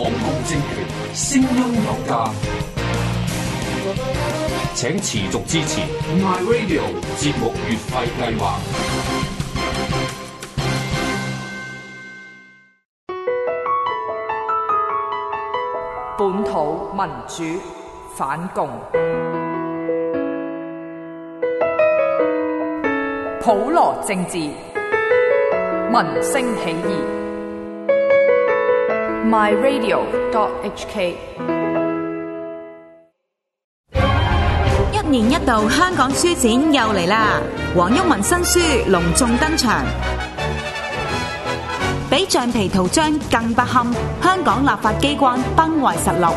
港共政權聲音有價，請持續支持 My Radio 節目月費計劃。本土民主，反共，普羅政治，民聲起義。My Radio. H K。一年一度香港書展又嚟啦，黃毓民新書隆重登場，比橡皮圖章更不堪。香港立法機關崩壞實錄，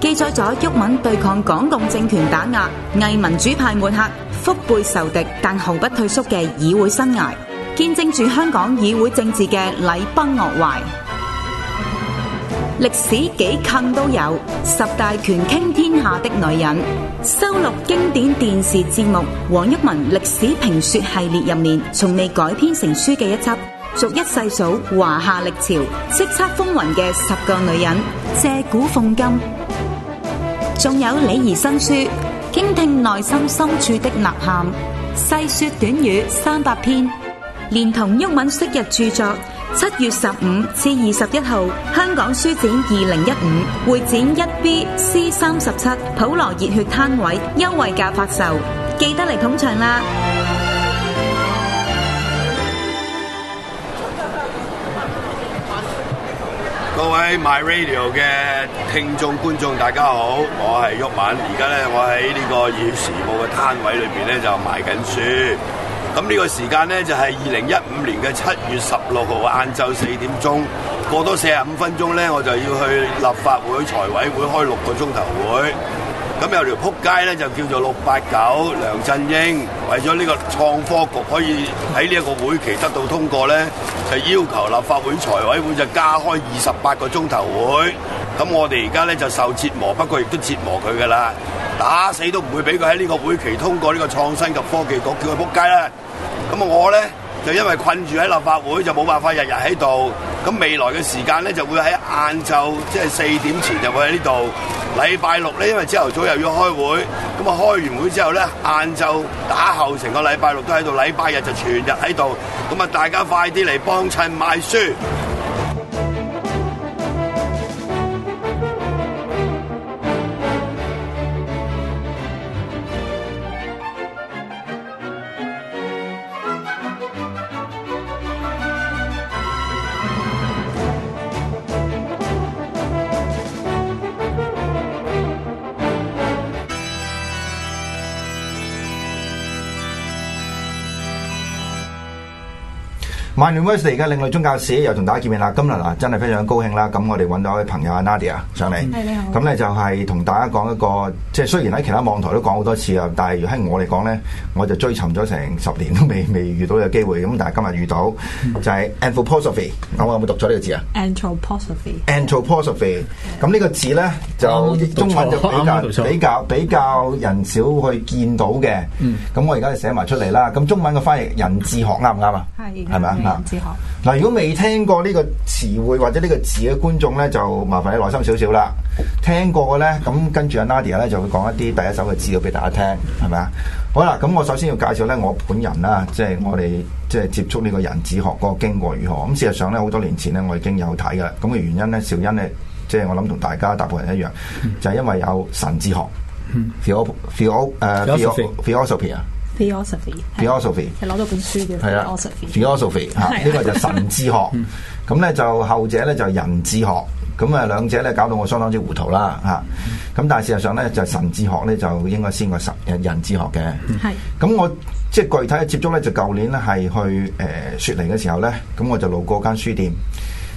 記載咗毓民對抗港共政權打壓、偽民主派抹黑、腹背受敵但毫不退縮嘅議會生涯，見證住香港議會政治嘅禮崩樂壞。歷史幾近都有十大權傾天下的女人，收錄經典電視節目黃毓民歷史評說系列入面，從未改編成書嘅一輯，逐一細數華夏歷朝叱咤風雲嘅十個女人，借古奉今。仲有李儀新書《傾聽內心深處的吶喊》，細說短語三百篇，連同毓民昔日著作。七月十五至二十一號，香港書展二零一五，會展一 B C 三十七普羅熱血攤位優惠價發售，記得嚟捧場啦！各位 My Radio 嘅聽眾觀眾大家好，我係郁敏，而家咧我喺呢個熱時報嘅攤位裏邊咧就賣緊書。咁呢個時間呢，就係二零一五年嘅七月十六號晏晝四點鐘，過多四十五分鐘呢，我就要去立法會財委會開六個鐘頭會。咁有條撲街咧就叫做六八九梁振英，為咗呢個創科局可以喺呢一個會期得到通過咧，就要求立法會財委會就加開二十八個鐘頭會。咁我哋而家咧就受折磨，不過亦都折磨佢噶啦，打死都唔會俾佢喺呢個會期通過呢個創新及科技局，叫佢撲街啦。咁我咧。就因為困住喺立法會，就冇辦法日日喺度。咁未來嘅時間咧，就會喺晏晝，即係四點前就會喺呢度。禮拜六咧，因為朝頭早又要開會，咁啊開完會之後咧，晏晝打後成個禮拜六都喺度。禮拜日就全日喺度。咁啊，大家快啲嚟幫襯賣書。My University 而家另類宗教史，又同大家見面啦！今日啊，真係非常高興啦！咁我哋揾到位朋友阿 Nadia 上嚟，咁咧就係同大家講一個，即係雖然喺其他網台都講好多次啦，但係喺我嚟講咧，我就追尋咗成十年都未未遇到嘅機會，咁但係今日遇到就係 anthroposophy，我有冇讀錯呢個字啊？anthroposophy，anthroposophy，咁呢個字咧就中文就比較比較比較人少去見到嘅，咁我而家就寫埋出嚟啦。咁中文嘅翻譯人智學啱唔啱啊？係咪啊？嗱、嗯，如果未聽過呢個詞彙或者個呢個字嘅觀眾咧，就麻煩你耐心少少啦。聽過嘅咧，咁跟住阿 Nadia 咧，就會講一啲第一手嘅資料俾大家聽，係咪啊？好啦，咁我首先要介紹咧，我本人啦，即、就、係、是、我哋即係接觸呢個人智學嗰個經過如何。咁事實上咧，好多年前咧，我已經有睇噶。咁、那、嘅、個、原因咧，小欣咧，即、就、係、是、我諗同大家大部分人一樣，嗯、就係因為有神智學，Phil Phil 呃 Philosophy 啊。philosophy，philosophy 係攞到本書嘅，philosophy，philosophy 吓，呢的個就神智學，咁咧 就後者咧就人智學，咁啊兩者咧搞到我相當之糊塗啦吓，咁 但係事實上咧就神智學咧就應該先過神人人哲學嘅，係，咁 我即係、就是、具體嘅接觸咧就舊年咧係去誒、呃、雪梨嘅時候咧，咁我就路過間書店。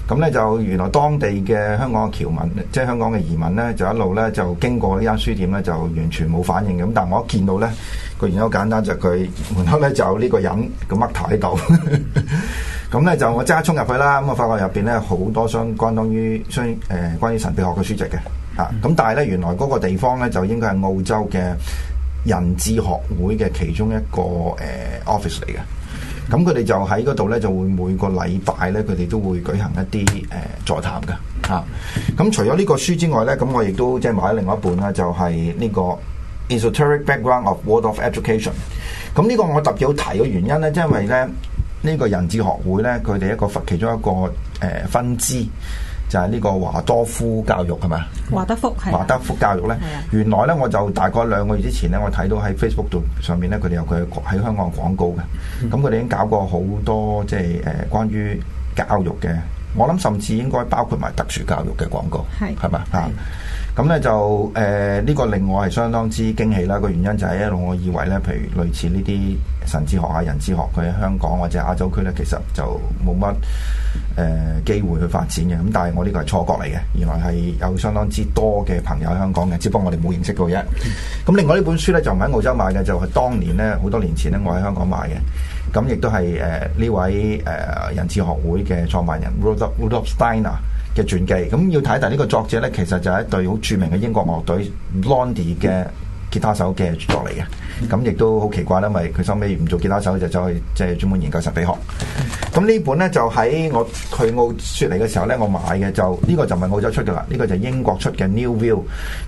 咁咧就原來當地嘅香港嘅僑民，即、就、係、是、香港嘅移民咧，就一路咧就經過呢間書店咧，就完全冇反應嘅。咁但係我一見到咧，個原因好簡單，就佢、是、門口咧就有呢個人個麥太喺度。咁咧 就我即刻衝入去啦，咁啊發覺入邊咧好多相關關於相誒、呃、關於神秘學嘅書籍嘅。嚇、啊！咁但係咧原來嗰個地方咧就應該係澳洲嘅人智學會嘅其中一個誒、呃、office 嚟嘅。咁佢哋就喺嗰度咧，就會每個禮拜咧，佢哋都會舉行一啲誒、呃、座談噶嚇。咁、啊、除咗呢個書之外咧，咁我亦都即係買另外一本啦，就係、是、呢、這個 Esoteric Background of World of Education。咁呢個我特別提嘅原因咧，就是、因為咧呢、這個人智學會咧，佢哋一個其中一個誒分支。就係呢個華多夫教育係嘛？華德福，係華德福教育咧，原來咧我就大概兩個月之前咧，我睇到喺 Facebook 度上面咧，佢哋有佢喺香港廣告嘅，咁佢哋已經搞過好多即係誒關於教育嘅，我諗甚至應該包括埋特殊教育嘅廣告，係係嘛嚇？咁咧吧的就誒呢個令我係相當之驚喜啦，個原因就係一路我以為咧，譬如類似呢啲。神智學啊，人智學佢喺香港或者亞洲區咧，其實就冇乜誒機會去發展嘅。咁但係我呢個係錯覺嚟嘅，原來係有相當之多嘅朋友喺香港嘅，只不過我哋冇認識過啫。咁另外呢本書咧就唔喺澳洲買嘅，就係、是、當年咧好多年前咧我喺香港買嘅。咁亦都係誒呢位誒、呃、人智學會嘅創辦人 Rudolf Steiner 嘅傳記。咁要睇，但係呢個作者咧其實就係一隊好著名嘅英國樂隊 Blondie 嘅。吉他手嘅著作嚟嘅，咁亦都好奇怪啦，因為佢收尾唔做吉他手，就走去即係、就是、專門研究神秘學。咁呢本咧就喺我去澳洲嚟嘅時候咧，我買嘅就呢、這個就唔係澳洲出嘅啦，呢、這個就英國出嘅 New View。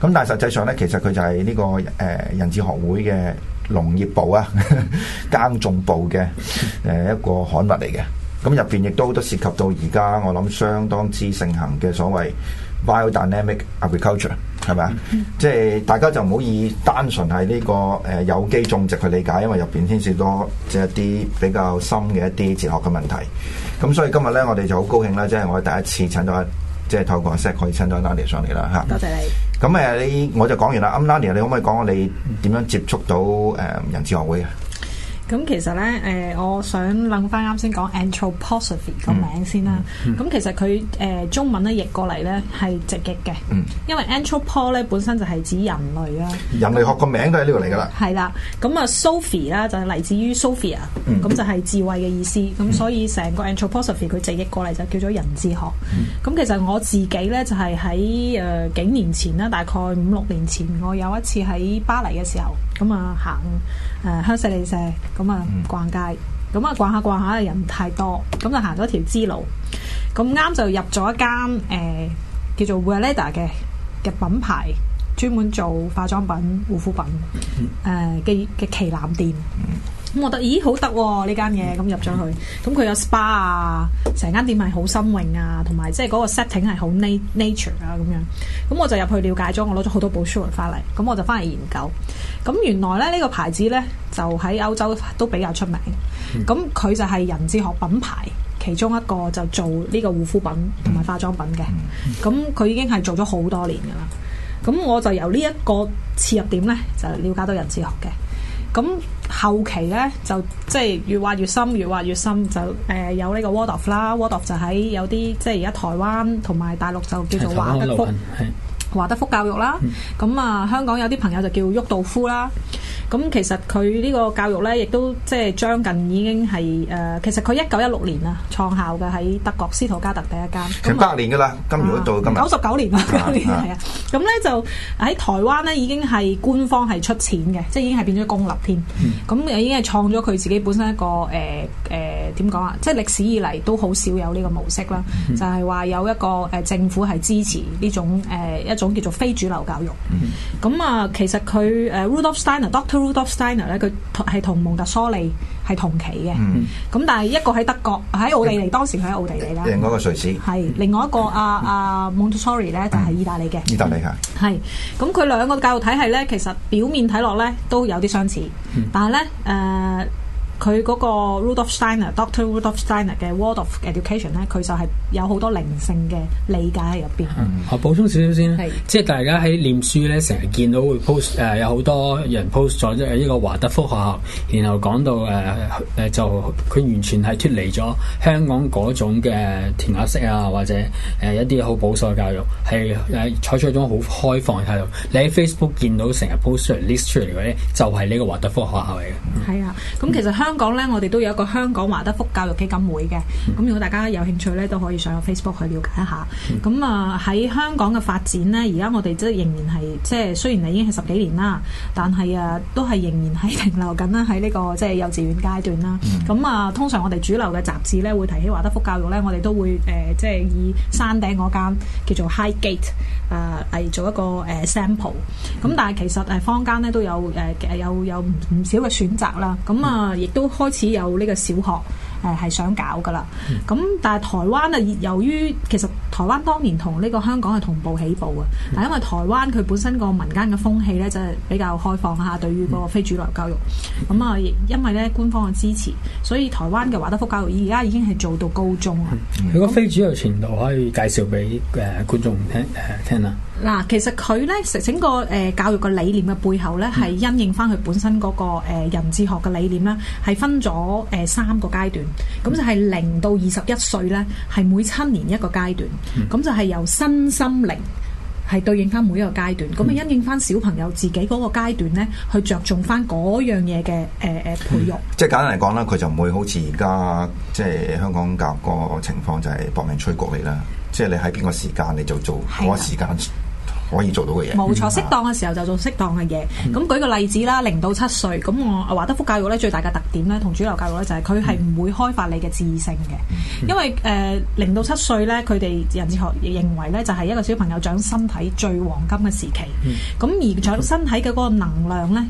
咁但係實際上咧，其實佢就係呢、這個誒、呃、人智學會嘅農業部啊， 耕種部嘅誒、呃、一個刊物嚟嘅。咁入邊亦都都涉及到而家我諗相當之盛行嘅所謂。Biodynamic agriculture 係咪啊？即係、mm hmm. 就是、大家就唔好以單純係呢個誒有機種植去理解，因為入邊牽涉多、就是、一啲比較深嘅一啲哲學嘅問題。咁所以今日咧，我哋就好高興啦，即、就、係、是、我第一次請到即係、就是、透過阿 Zeke 可以請到 Nadia 上嚟啦嚇。多謝、mm hmm. 你。咁誒，你我就講完啦。Mm hmm. Nadia，你可唔可以講下你點樣接觸到誒、呃、人智學會啊？咁其實咧，誒，我想諗翻啱先講 anthroposophy 個名先啦。咁其實佢誒中文咧譯過嚟咧係直譯嘅，因為 anthropo 咧本身就係指人類啦。人類學個名都係呢度嚟噶啦。係啦，咁啊 Sophie 啦就係嚟自於 Sophia，咁就係智慧嘅意思。咁所以成個 anthroposophy 佢直譯過嚟就叫做人智學。咁其實我自己咧就係喺誒幾年前啦，大概五六年前，我有一次喺巴黎嘅時候，咁啊行。誒，香榭麗舍，咁啊，逛街，咁啊、嗯，逛下逛下，人太多，咁就行咗條支路，咁啱就入咗一間誒、呃，叫做 Ulta 嘅嘅品牌，專門做化妝品、護膚品，誒嘅嘅旗艦店。嗯咁我覺得，咦，好得喎呢間嘢。咁入咗去，咁佢有 SPA 啊，成間店係好新穎啊，同埋即係嗰個 setting 係好 nature 啊咁樣，咁我就入去了解咗，我攞咗好多 book show 翻嚟，咁我就翻嚟研究，咁原來咧，呢個牌子呢，就喺歐洲都比較出名，咁佢就係人智學品牌其中一個，就做呢個護膚品同埋化妝品嘅，咁佢已經係做咗好多年噶啦，咁我就由呢一個切入點呢，就瞭解到人智學嘅。咁、嗯、後期咧就即係越挖越深，越挖越深就，誒、呃、有呢個 Waldorf 啦，Waldorf 就喺有啲即係而家台灣同埋大陸就叫做華德福。華德福教育啦，咁啊、嗯嗯嗯、香港有啲朋友就叫沃道夫啦，咁、嗯、其實佢呢個教育咧，亦都即係將近已經係誒、嗯，其實佢一九一六年啊創校嘅喺德國斯圖加特第一間，九、嗯、十年嘅啦，啊、今年都到今日九十九年啦，九年係啊，咁咧就喺台灣咧已經係官方係出錢嘅，即係已經係變咗公立添，咁誒已經係創咗佢自己本身一個誒誒點講啊，即係歷史以嚟都好少有呢個模式啦，就係、是、話有一個誒政府係支持呢種誒一一種叫做非主流教育，咁啊、嗯嗯，其實佢誒，Rudolf Steiner，Doctor Rudolf Steiner 咧，佢係同蒙特梭利係同期嘅，咁、嗯、但係一個喺德國，喺奧地利，嗯、當時佢喺奧地利啦，另外一個瑞士，係另外一個啊、啊、Montessori 咧，嗯、就係意大利嘅，意大利係，係，咁佢兩個教育體系咧，其實表面睇落咧都有啲相似，嗯、但係咧誒。呃佢個 Rudolf Steiner、Doctor Rudolf Steiner 嘅 World of Education 咧，佢就係有好多靈性嘅理解喺入邊。啊、嗯，補充少少先啦，是即係大家喺念書咧，成日見到會 post 誒、呃、有好多人 post 咗即係呢個華德福學校，然後講到誒誒、呃、就佢完全係脫離咗香港種嘅填鴨式啊，或者誒、呃、一啲好保守嘅教育，係誒採取一種好開放嘅態度。你喺 Facebook 見到成日 post 嚟出嚟嗰就係、是、呢個華德福學校嚟嘅。係、嗯、啊，咁其實香、嗯。香港呢，我哋都有一個香港華德福教育基金會嘅，咁如果大家有興趣呢，都可以上 Facebook 去了解一下。咁啊喺香港嘅發展呢，而家我哋即仍然係即係雖然已經係十幾年啦，但係啊都係仍然係停留緊啦喺呢個即係幼稚園階段啦。咁啊 通常我哋主流嘅雜誌呢，會提起華德福教育呢，我哋都會誒、呃、即係以山頂嗰間叫做 High Gate 啊、呃、嚟做一個誒 sample。咁但係其實誒坊間呢，都有誒、呃、有有唔唔少嘅選擇啦。咁啊亦～、嗯都開始有呢個小學，誒、呃、係想搞㗎喇。咁但係台灣啊，由於其實台灣當年同呢個香港係同步起步嘅，嗯、但因為台灣佢本身個民間嘅風氣咧，就係、是、比較開放下，對於個非主流教育。咁啊、嗯嗯嗯，因為咧官方嘅支持，所以台灣嘅華德福教育而家已經係做到高中啊。如果非主流程度，可以介紹俾誒、呃、觀眾聽誒、呃、聽啊。嗱，其實佢咧成整個誒教育個理念嘅背後咧，係因應翻佢本身嗰個誒人智學嘅理念啦，係分咗誒三個階段，咁就係零到二十一歲咧，係每七年一個階段，咁就係由身心靈係對應翻每一個階段，咁啊因應翻小朋友自己嗰個階段咧，去着重翻嗰樣嘢嘅誒誒培育。即係簡單嚟講咧，佢就唔會好似而家即係香港教育個情況，就係搏命催谷你啦，即係你喺邊個時間你就做嗰個時間。可以做到嘅嘢，冇錯，適當嘅時候就做適當嘅嘢。咁舉個例子啦，零到七歲咁，我華德福教育咧最大嘅特點咧，同主流教育咧就係佢係唔會開發你嘅智性嘅，因為誒零到七歲咧，佢哋人智學認為咧就係一個小朋友長身體最黃金嘅時期。咁而長身體嘅嗰個能量咧，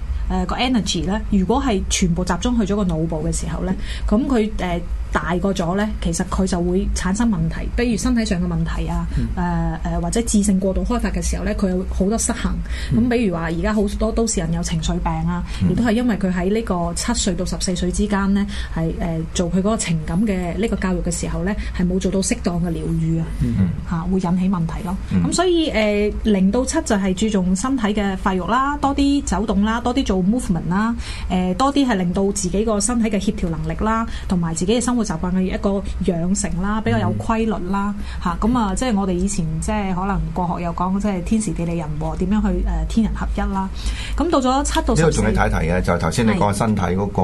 誒個 energy 咧，如果係全部集中去咗個腦部嘅時候咧，咁佢誒，大個咗呢，其實佢就會產生問題，比如身體上嘅問題啊，誒誒、嗯呃、或者智性過度開發嘅時候呢，佢有好多失衡。咁、嗯、比如話而家好多都市人有情緒病啊，亦都係因為佢喺呢個七歲到十四歲之間呢，係誒、呃、做佢嗰個情感嘅呢個教育嘅時候呢，係冇做到適當嘅療愈啊，嚇、嗯嗯啊、會引起問題咯。咁、嗯、所以誒零到七就係注重身體嘅發育啦，多啲走動啦，多啲做 movement 啦，誒、呃、多啲係令到自己個身體嘅協調能力啦，同埋自己嘅生生活習慣嘅一個養成啦，比較有規律啦，吓咁、嗯、啊、即係我哋以前即係可能國學又講，即係天時地利人和，點樣去誒、呃、天人合一啦。咁、啊、到咗七到，即係仲要睇一題睇一睇嘅，就係頭先你講身體嗰個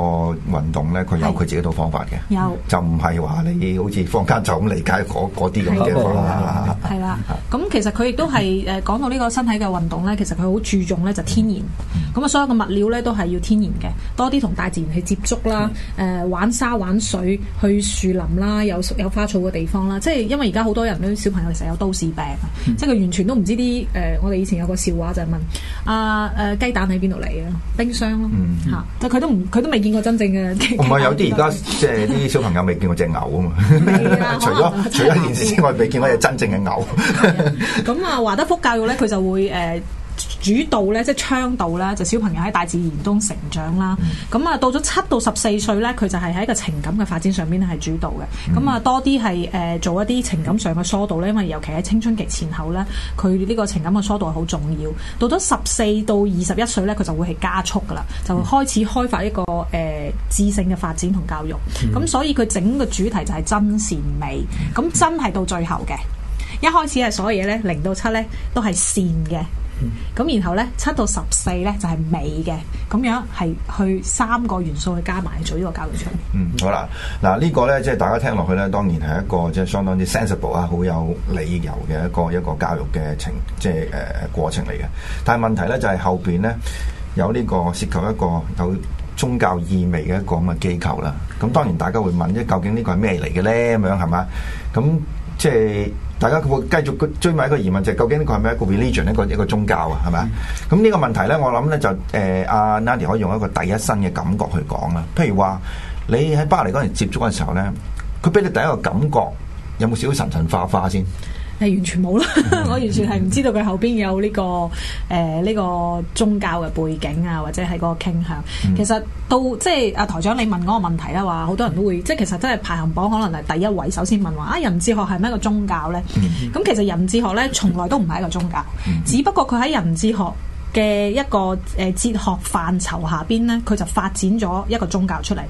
運動咧，佢有佢自己一套方法嘅，有、嗯、就唔係話你好似坊間就咁理解嗰啲咁嘅方法。係啦，咁其實佢亦都係誒講到呢個身體嘅運動咧，其實佢好注重咧就是、天然，咁啊所有嘅物料咧都係要天然嘅，多啲同大自然去接觸啦，誒玩沙玩水。去樹林啦，有有花草嘅地方啦，即係因為而家好多人都小朋友成日有都市病啊，嗯、即係佢完全都唔知啲誒、呃，我哋以前有個笑話就係問啊誒、啊、雞蛋喺邊度嚟啊？冰箱咯，嚇、嗯啊！就佢都唔佢都未見過真正嘅，唔係有啲而家即係啲小朋友未見過隻牛啊嘛， 除咗除咗件事之外，未 見過隻真正嘅牛 。咁啊，華德福教育咧，佢就會誒。呃 主導咧，即係倡導啦，就是、小朋友喺大自然中成長啦。咁啊、嗯，到咗七到十四歲呢，佢就係喺個情感嘅發展上面咧係主導嘅。咁啊、嗯，多啲係誒做一啲情感上嘅疏導咧，因為尤其喺青春期前後呢，佢呢個情感嘅疏導係好重要。到咗十四到二十一歲呢，佢就會係加速㗎喇，就開始開發一個誒、呃、智性嘅發展同教育。咁、嗯、所以佢整個主題就係真善美。咁、嗯、真係到最後嘅一開始係所有嘢呢，零到七呢，都係善嘅。咁、嗯、然後咧，七到十四咧就係尾嘅，咁樣係去三個元素去加埋做呢個教育場。嗯，好啦，嗱、這個、呢個咧即係大家聽落去咧，當然係一個即係相當之 sensible 啊，好有理由嘅一個一個教育嘅程即係誒、呃、過程嚟嘅。但係問題咧就係、是、後邊咧有呢個涉及一個有宗教意味嘅一個咁嘅機構啦。咁當然大家會問，即究竟個呢個係咩嚟嘅咧？咁樣係嘛？咁即係。大家會繼續追埋一個疑問，就係、是、究竟佢係咪一個 religion 一個一個宗教啊，係咪咁？呢個問題咧，我諗咧就誒阿、呃、Nadia 可以用一個第一新嘅感覺去講啦。譬如話你喺巴黎嗰陣接觸嘅時候咧，佢俾你第一個感覺有冇少少神神化化先？係完全冇啦， 我完全係唔知道佢後邊有呢、這個誒呢、呃這個宗教嘅背景啊，或者係嗰個傾向。嗯、其實到即係阿台長你問嗰個問題啦，話好多人都會即係其實真係排行榜可能係第一位，首先問話「啊人智學係咩一個宗教呢？嗯」咁、嗯、其實人智學呢，從來都唔係一個宗教，嗯嗯嗯、只不過佢喺人智學。嘅一個誒哲學範疇下邊咧，佢就發展咗一個宗教出嚟。誒、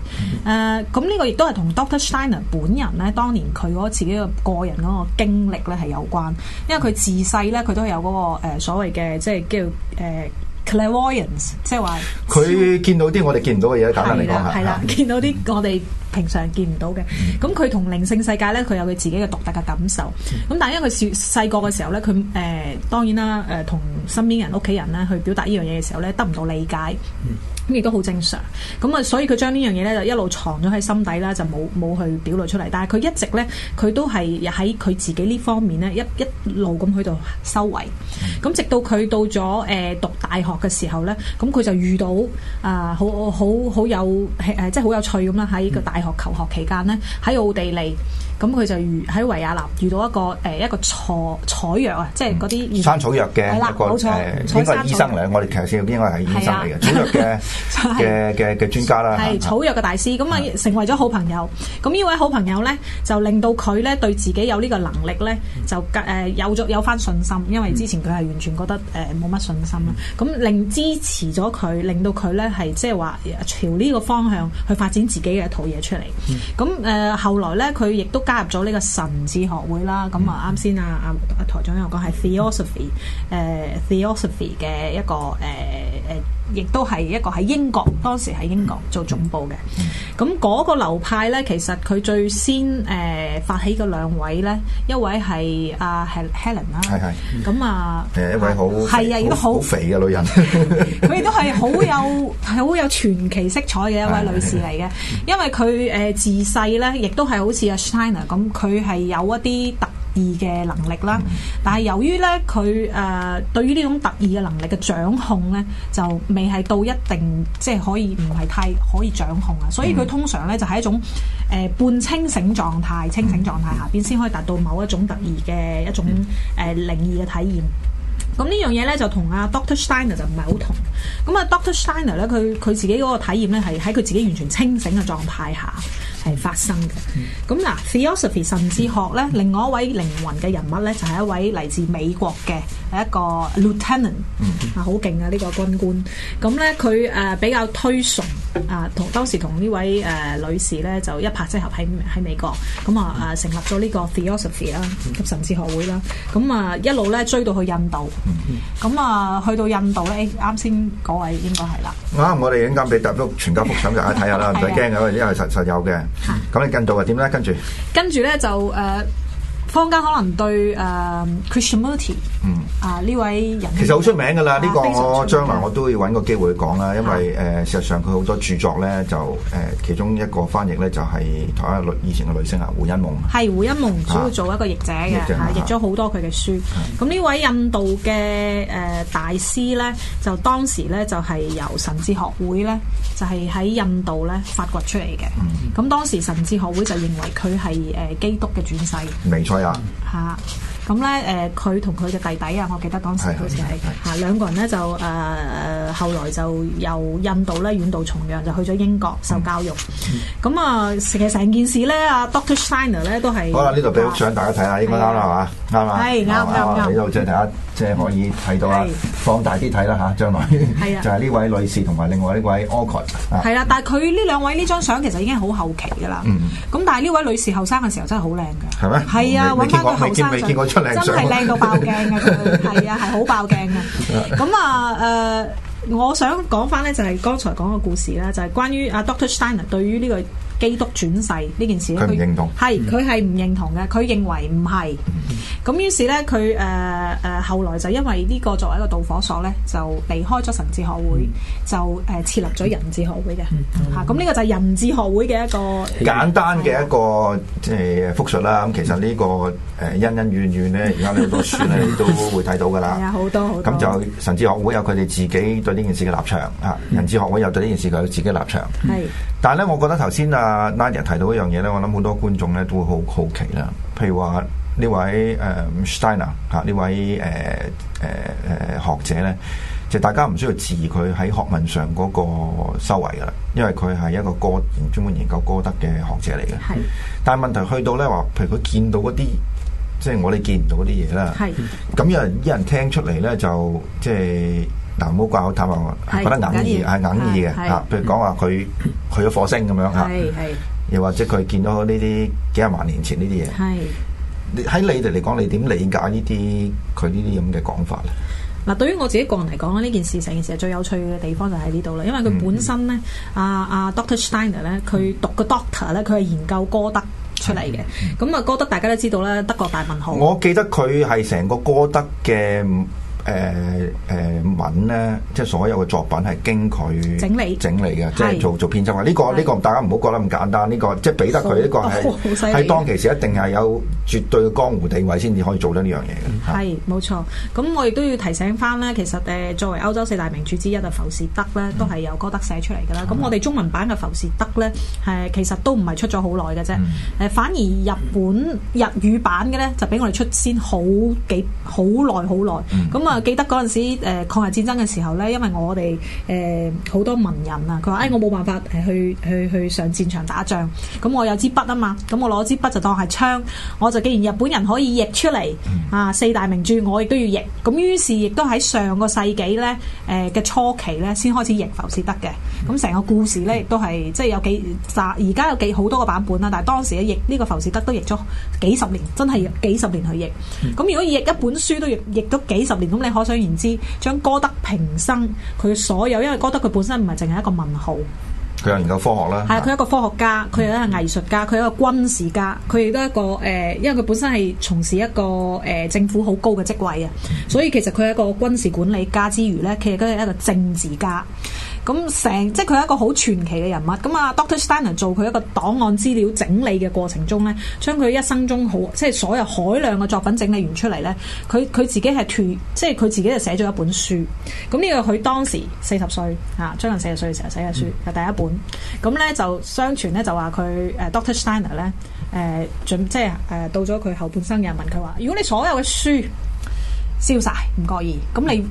呃，咁呢個亦都係同 Doctor Steiner 本人咧，當年佢嗰自己嘅個人嗰個經歷咧係有關。因為佢自細咧，佢都有嗰、那個、呃、所謂嘅即係叫誒、呃、clairvoyance，即係話佢見到啲我哋見唔到嘅嘢。簡單嚟講下，係啦、嗯，見到啲我哋平常見唔到嘅，咁佢同靈性世界咧，佢有佢自己嘅獨特嘅感受。咁、嗯、但因為佢小細個嘅時候咧，佢誒、呃、當然啦，誒、呃、同身邊人、屋企人咧去表達呢樣嘢嘅時候咧，得唔到理解。嗯咁亦都好正常，咁、嗯、啊，所以佢將呢樣嘢咧就一路藏咗喺心底啦，就冇冇去表露出嚟。但係佢一直咧，佢都係喺佢自己呢方面咧一一路咁喺度修為。咁、嗯、直到佢到咗誒、呃、讀大學嘅時候咧，咁、嗯、佢、嗯、就遇到啊、呃、好好好有誒即係好有趣咁啦。喺個大學求學期間咧，喺奧地利。咁佢就遇喺維也納遇到一個誒一個採採藥啊，即係嗰啲山草藥嘅一個誒，應該係醫生嚟。我哋其實先應該係醫生嚟嘅草藥嘅嘅嘅嘅專家啦，係草藥嘅大師。咁啊，成為咗好朋友。咁呢位好朋友咧，就令到佢咧對自己有呢個能力咧，就誒有咗有返信心，因為之前佢係完全覺得誒冇乜信心啦。咁令支持咗佢，令到佢咧係即係話朝呢個方向去發展自己嘅一套嘢出嚟。咁誒後來咧，佢亦都加入咗呢個神智學會啦，咁啊啱先啊，阿台長有講係 theosophy，誒 theosophy 嘅一個誒誒。亦都係一個喺英國，當時喺英國做總部嘅。咁嗰個流派咧，其實佢最先誒、呃、發起嘅兩位咧，一位係阿係 Helen 啦，係係。咁啊，係的、啊、一位好係啊，亦都好肥嘅女人。佢亦都係好有係好有傳奇色彩嘅一位女士嚟嘅，的因為佢誒、呃、自細咧，亦都係好似阿 Steiner 咁，佢係有一啲特異嘅能力啦，但係由於咧佢誒對於呢種特異嘅能力嘅掌控咧，就未係到一定即係、就是、可以唔係太可以掌控啊，所以佢通常咧就係一種誒半清醒狀態、清醒狀態下邊先可以達到某一種特異嘅一種誒靈異嘅體驗。咁呢樣嘢咧就同阿 Doctor Steiner 就唔係好同。咁啊 Doctor Steiner 咧，佢佢自己嗰個體驗咧，係喺佢自己完全清醒嘅狀態下。係發生嘅，咁嗱，theosophy 神智學咧，另外一位靈魂嘅人物咧，就係一位嚟自美國嘅係一個 lieutenant，啊，好勁啊呢個軍官。咁咧佢誒比較推崇啊，同當時同呢位誒女士咧，就一拍即合喺喺美國，咁啊啊成立咗呢個 theosophy 啦，及神智學會啦，咁啊一路咧追到去印度，咁啊去到印度咧，啱先嗰位應該係啦。啱，我哋陣間俾揼碌全家福相，大家睇下啦，唔使驚嘅，因為實實有嘅。咁你進度啊？點咧？跟住，跟住咧就誒。.坊間可能對 Krishnamurti 嗯，啊呢位人其實好出名㗎啦，呢個我將來我都要揾個機會講啦，因為事實上佢好多著作咧就誒其中一個翻譯咧就係台灣以前嘅女星啊胡因夢，係胡因夢主要做一個譯者嘅，譯咗好多佢嘅書。咁呢位印度嘅誒大師咧，就當時咧就係由神智學會咧就係喺印度咧發掘出嚟嘅。咁當時神智學會就認為佢係誒基督嘅轉世。嚇！咁咧誒，佢同佢嘅弟弟啊，我記得當時好似係嚇兩個人咧就誒，後來就由印度咧遠渡重洋，就去咗英國受教育。咁啊，成成件事咧，阿 Doctor Shiner 咧都係好啦，呢度俾張相大家睇下，應該啱啦，係嘛？啱嗎？係啱啱啱。繼續再睇。即係可以睇到啊，放大啲睇啦嚇，將來就係呢位女士同埋另外呢位 Orien。係啦，但係佢呢兩位呢張相其實已經係好後期㗎啦。嗯。咁但係呢位女士後生嘅時候真係好靚嘅。係咩？係啊，揾翻佢後生相。真係靚到爆鏡㗎，係啊，係好爆鏡㗎。咁啊誒，我想講翻咧就係剛才講嘅故事啦，就係關於阿 Doctor Steiner 對於呢個。基督轉世呢件事，佢唔認同，係佢係唔認同嘅。佢認為唔係，咁於、嗯、哼是咧，佢誒誒後來就因為呢個作為一個導火索咧，就離開咗神智學會，就誒設立咗人智學會嘅吓。咁呢、嗯哼啊這個就係人智學會嘅一個簡單嘅一個即係、呃、複述啦、啊。咁其實、這個呃、因因緣緣呢個誒恩恩怨怨咧，而家咧好多書咧都會睇到噶啦。係啊 ，好多好多。咁就神智學會有佢哋自己對呢件事嘅立場吓，人智學會有對呢件事佢自己嘅立場係。嗯但係咧，我覺得頭先阿 Nadia 提到一樣嘢咧，我諗好多觀眾咧都會好好奇啦。譬如話呢位誒 Steiner 呢位誒誒誒學者咧，就大家唔需要置疑佢喺學問上嗰個修為噶啦，因為佢係一個歌專門研究歌德嘅學者嚟嘅。係是。但係問題去到咧話，譬如佢見到嗰啲，即係我哋見唔到嗰啲嘢啦。係是。咁有人啲人聽出嚟咧，就即係。嗱，唔好掛口探話，係覺得硬意，係硬意嘅吓。譬如講話佢去咗火星咁樣吓，又或者佢見到呢啲幾廿萬年前呢啲嘢。係，你喺你哋嚟講，你點理解呢啲佢呢啲咁嘅講法咧？嗱，對於我自己個人嚟講呢件事，成件事係最有趣嘅地方就喺呢度啦。因為佢本身咧，阿阿 Doctor Steiner 咧，佢讀個 Doctor 咧，佢係研究歌德出嚟嘅。咁啊，歌德大家都知道啦，德國大文豪。我記得佢係成個歌德嘅。誒誒、呃呃、文咧，即係所有嘅作品係經佢整理整理嘅，即係做是做，做編輯。呢、這個呢是個大家唔好覺得咁簡單。呢、這個即係俾得佢呢個係係、哦、當其時一定係有絕對嘅江湖地位先至可以做得呢樣嘢嘅。係冇、嗯、錯。咁我亦都要提醒翻咧，其實誒作為歐洲四大名著之一嘅《浮士德》咧，都係由歌德寫出嚟嘅啦。咁、嗯、我哋中文版嘅《浮士德》咧係其實都唔係出咗好耐嘅啫。誒、嗯、反而日本日語版嘅咧就比我哋出先好幾好耐好耐。咁啊、嗯、～、嗯啊！記得陣時誒抗日戰爭嘅時候咧，因為我哋誒好多文人啊，佢話誒我冇辦法係，去去去上戰場打仗，咁我有支筆啊嘛，咁我攞支筆就當係槍，我就既然日本人可以譯出嚟啊，四大名著我亦都要譯，咁於是亦都喺上個世紀咧，誒嘅初期咧，先開始譯浮士德嘅，咁成個故事咧亦都係即係有幾集，而家有幾好多個版本啦，但係當時咧譯呢個浮士德都譯咗幾十年，真係幾十年去譯，咁如果譯一本書都譯譯咗幾十年，咁。你可想而知，將歌德平生佢所有，因為歌德佢本身唔係淨係一個文豪，佢有研究科學啦，係，佢係一個科學家，佢又係一個藝術家，佢一個軍事家，佢亦都一個誒、呃，因為佢本身係從事一個誒、呃、政府好高嘅職位啊，所以其實佢係一個軍事管理家之餘呢，其實都係一個政治家。咁成即係佢係一個好傳奇嘅人物，咁啊，Doctor Steiner 做佢一個檔案資料整理嘅過程中呢，將佢一生中好即係所有海量嘅作品整理完出嚟呢，佢佢自己係脱即係佢自己就寫咗一本書。咁呢個佢當時四十歲啊，接近四十歲嘅時候寫嘅書係、嗯、第一本。咁呢就相傳呢，就話佢、uh, Doctor Steiner 呢，誒、呃、準即係誒、呃、到咗佢後半生嘅人問佢話：如果你所有嘅書燒晒，唔介意，咁你？嗯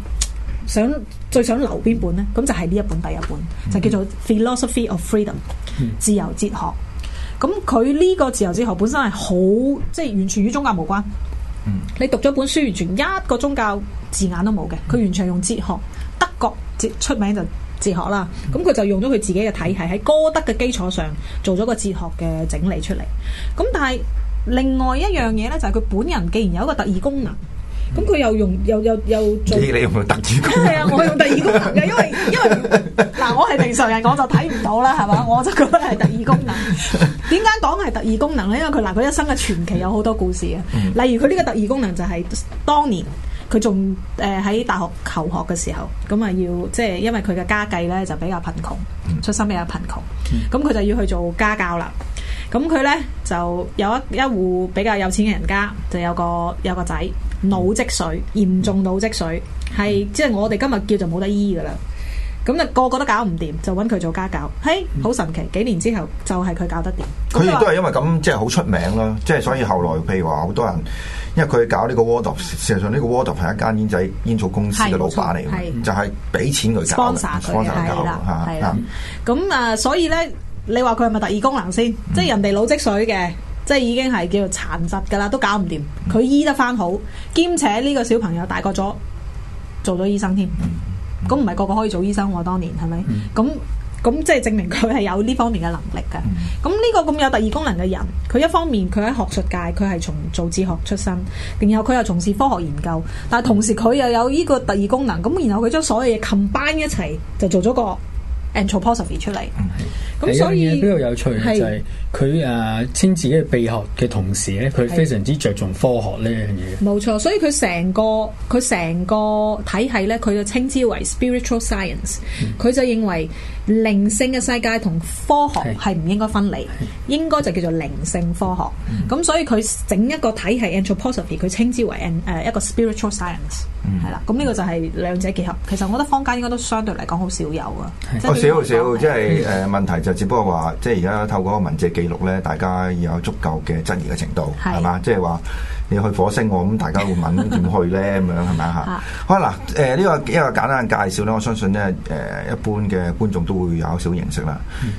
想最想留邊本呢？咁就係呢一本第一本，mm hmm. 就叫做《Philosophy of Freedom, mm hmm. 自由哲學》。咁佢呢個自由哲學本身係好即係完全與宗教無關。Mm hmm. 你讀咗本書，完全一個宗教字眼都冇嘅，佢完全用哲學。德國哲出名就哲學啦，咁佢就用咗佢自己嘅體系喺歌德嘅基礎上做咗個哲學嘅整理出嚟。咁但係另外一樣嘢呢，就係、是、佢本人既然有一個特異功能。咁佢、嗯、又用又又又做？你，你用唔用特異功能？係啊，我用特異功能， 啊、功能因為因為嗱，我係平常人，我就睇唔到啦，係嘛，我就覺得係特異功能。點解講係特異功能咧？因為佢嗱，佢一生嘅傳奇有好多故事啊。例如佢呢個特異功能就係當年佢仲誒喺大學求學嘅時候，咁啊要即係因為佢嘅家計咧就比較貧窮，出身比較貧窮，咁佢就要去做家教啦。咁佢咧就有一一戶比較有錢嘅人家，就有個有個仔。腦積水嚴重腦積水係即係我哋今日叫就冇得醫噶啦，咁啊個個都搞唔掂，就揾佢做家教，嘿，好神奇！幾年之後就係佢搞得掂，佢亦都係因為咁即係好出名啦，即係所以後來譬如話好多人，因為佢搞呢個 Waldorf，事實上呢個 Waldorf 係一間煙仔煙草公司嘅老闆嚟，係就係俾錢佢搞，sponsor 佢搞吓，咁啊所以咧，你話佢係咪特異功能先？即係人哋腦積水嘅。即係已經係叫做殘疾噶啦，都搞唔掂。佢醫得翻好，兼且呢個小朋友大個咗，做咗醫生添。咁唔係個個可以做醫生喎，啊？當年係咪？咁咁，嗯、即係證明佢係有呢方面嘅能力嘅。咁呢個咁有特異功能嘅人，佢一方面佢喺學術界，佢係從做哲學出身，然後佢又從事科學研究，但係同時佢又有呢個特異功能。咁然後佢將所有嘢 combine 一齊，就做咗個 Anthroposophy 出嚟。嗯咁所以比較有趣就係佢誒稱自己嘅秘學嘅同時咧，佢非常之着重科學呢樣嘢。冇錯，所以佢成個佢成個體系咧，佢就稱之為 spiritual science。佢就認為靈性嘅世界同科學係唔應該分離，應該就叫做靈性科學，咁所以佢整一個體系 anthroposophy，佢稱之為 an 誒一個 spiritual science。係啦，咁呢個就係兩者結合。其實我覺得坊間應該都相對嚟講好少有噶。哦，少少，即係誒問題就。只不過話，即係而家透過個文字記錄咧，大家有足夠嘅質疑嘅程度，係嘛是？即係話你去火星，我諗大家會問點去咧咁樣，係咪啊？ 好啦，誒、呃、呢、這個一、這個簡單嘅介紹咧，我相信咧誒、呃、一般嘅觀眾都會有少少認識啦。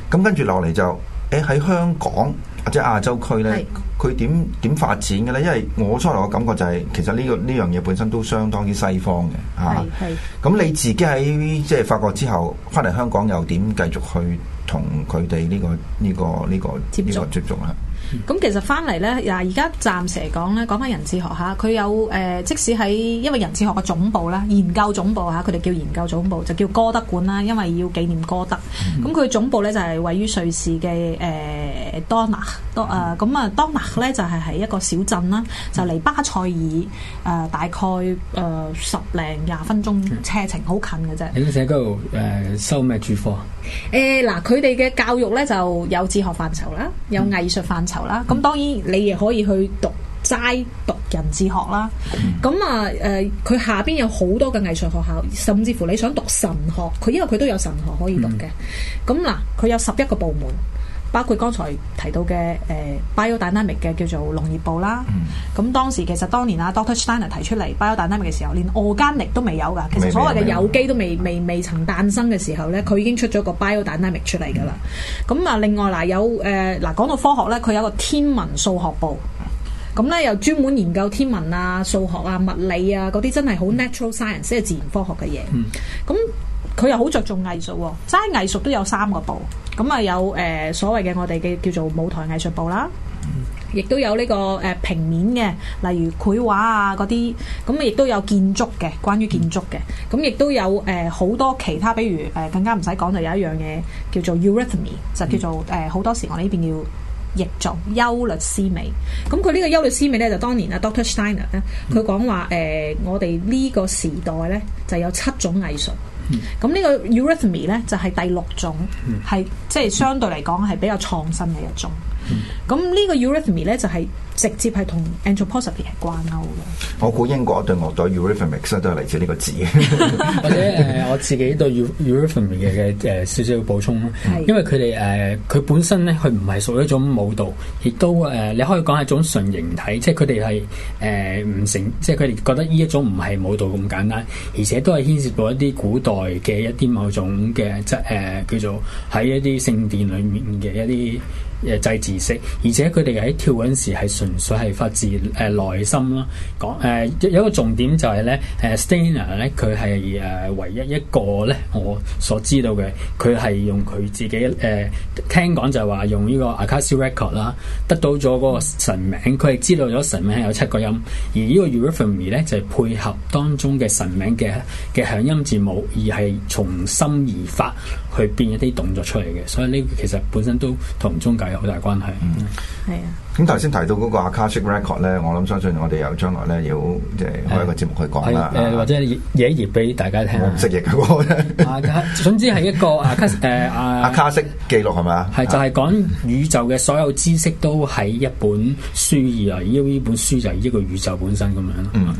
咁、嗯、跟住落嚟就，誒喺香港或者亞洲區咧。佢點點發展嘅咧？因為我初頭嘅感覺就係、是，其實呢、這個呢樣嘢本身都相當於西方嘅嚇。咁、啊、你自己喺即係發覺之後，翻嚟香港又點繼續去同佢哋呢個呢、這個呢、這個呢觸個接觸啊？咁其實翻嚟咧，嗱而家暫時嚟講咧，講翻人智學嚇，佢有誒、呃，即使喺因為人智學嘅總部啦，研究總部嚇，佢哋叫研究總部，就叫哥德館啦，因為要紀念哥德。咁佢嘅總部咧就係位於瑞士嘅誒、呃、多納多啊，咁、呃、啊多納咧就係、是、喺一個小鎮啦，就離巴塞爾誒、呃、大概誒、呃、十零廿分鐘車程，好近嘅啫。喺呢度誒收咩主科？誒嗱、嗯，佢哋嘅教育咧就有智學範疇啦，有藝術範疇。啦，咁、嗯、當然你亦可以去讀齋、嗯、讀人智學啦。咁、嗯、啊，誒、呃，佢下邊有好多嘅藝術學校，甚至乎你想讀神學，佢因為佢都有神學可以讀嘅。咁嗱、嗯，佢、啊、有十一個部門。包括剛才提到嘅誒、呃、BioDynamic 嘅叫做農業部啦。咁、嗯、當時其實當年啊，Doctor Steiner 提出嚟 BioDynamic 嘅時候，連 organic 都未有噶。其實所謂嘅有機都未未未曾誕生嘅時候咧，佢已經出咗個 BioDynamic 出嚟噶啦。咁啊、嗯，另外嗱有誒嗱講到科學咧，佢有一個天文數學部，咁咧又專門研究天文啊、數學啊、物理啊嗰啲真係好 Natural Science 即係自然科學嘅嘢。咁、嗯嗯佢又好着重藝術、哦，齋藝術都有三個部咁啊，有誒、呃、所謂嘅我哋嘅叫做舞台藝術部啦，亦都有呢個誒平面嘅，例如繪畫啊嗰啲，咁啊亦都有建築嘅，關於建築嘅，咁亦都有誒好、呃、多其他，比如誒、呃、更加唔使講就有一樣嘢叫做 eurythmy、嗯、就叫做誒好、呃、多時我呢邊叫譯作優律思美。咁佢呢個優律思美咧，就當年啊 Doctor Steiner 咧，佢講話誒我哋呢個時代咧就有七種藝術。嗯，咁呢個 Eurythmy 咧就係、是、第六種，係即係相對嚟講係比較創新嘅一種。咁、嗯 e、呢個 eurythmy 咧就係、是、直接係同 anthroposophy 係掛鈎嘅。我估英國一對樂隊 Eurythmics 其實都係嚟自呢個字。 或者係、呃、我自己對 eurythmy 嘅嘅誒、呃、少少補充，因為佢哋誒佢本身咧佢唔係屬於一種舞蹈，亦都誒、呃、你可以講係一種純形體，即係佢哋係誒唔成，即係佢哋覺得呢一種唔係舞蹈咁簡單，而且都係牽涉到一啲古代嘅一啲某種嘅即誒、呃、叫做喺一啲聖殿裏面嘅一啲。誒祭字式，而且佢哋喺跳陣時係純粹係發自誒、呃、內心啦。講誒、呃、有一個重點就係咧，誒、呃、Steiner 咧佢係誒唯一一個咧我所知道嘅，佢係用佢自己誒、呃、聽講就係話用呢個 Akashic Record 啦，得到咗個神名，佢係知道咗神名係有七個音，而呢個 Eurythmy 咧就係、是、配合當中嘅神名嘅嘅響音字母，而係從心而發去變一啲動作出嚟嘅。所以呢個其實本身都同中介。有好大關係，係、嗯、啊！咁頭先提到嗰個阿卡式 record 咧，我諗相信我哋有將來咧要即係、呃、開一個節目去講啦、啊呃，或者演繹俾大家聽。我唔識譯嘅歌咧。總之係一個阿卡誒阿卡式記錄係咪啊？係就係講宇宙嘅所有知識都喺一本書而嚟，因為呢本書就係一個宇宙本身咁樣。嗯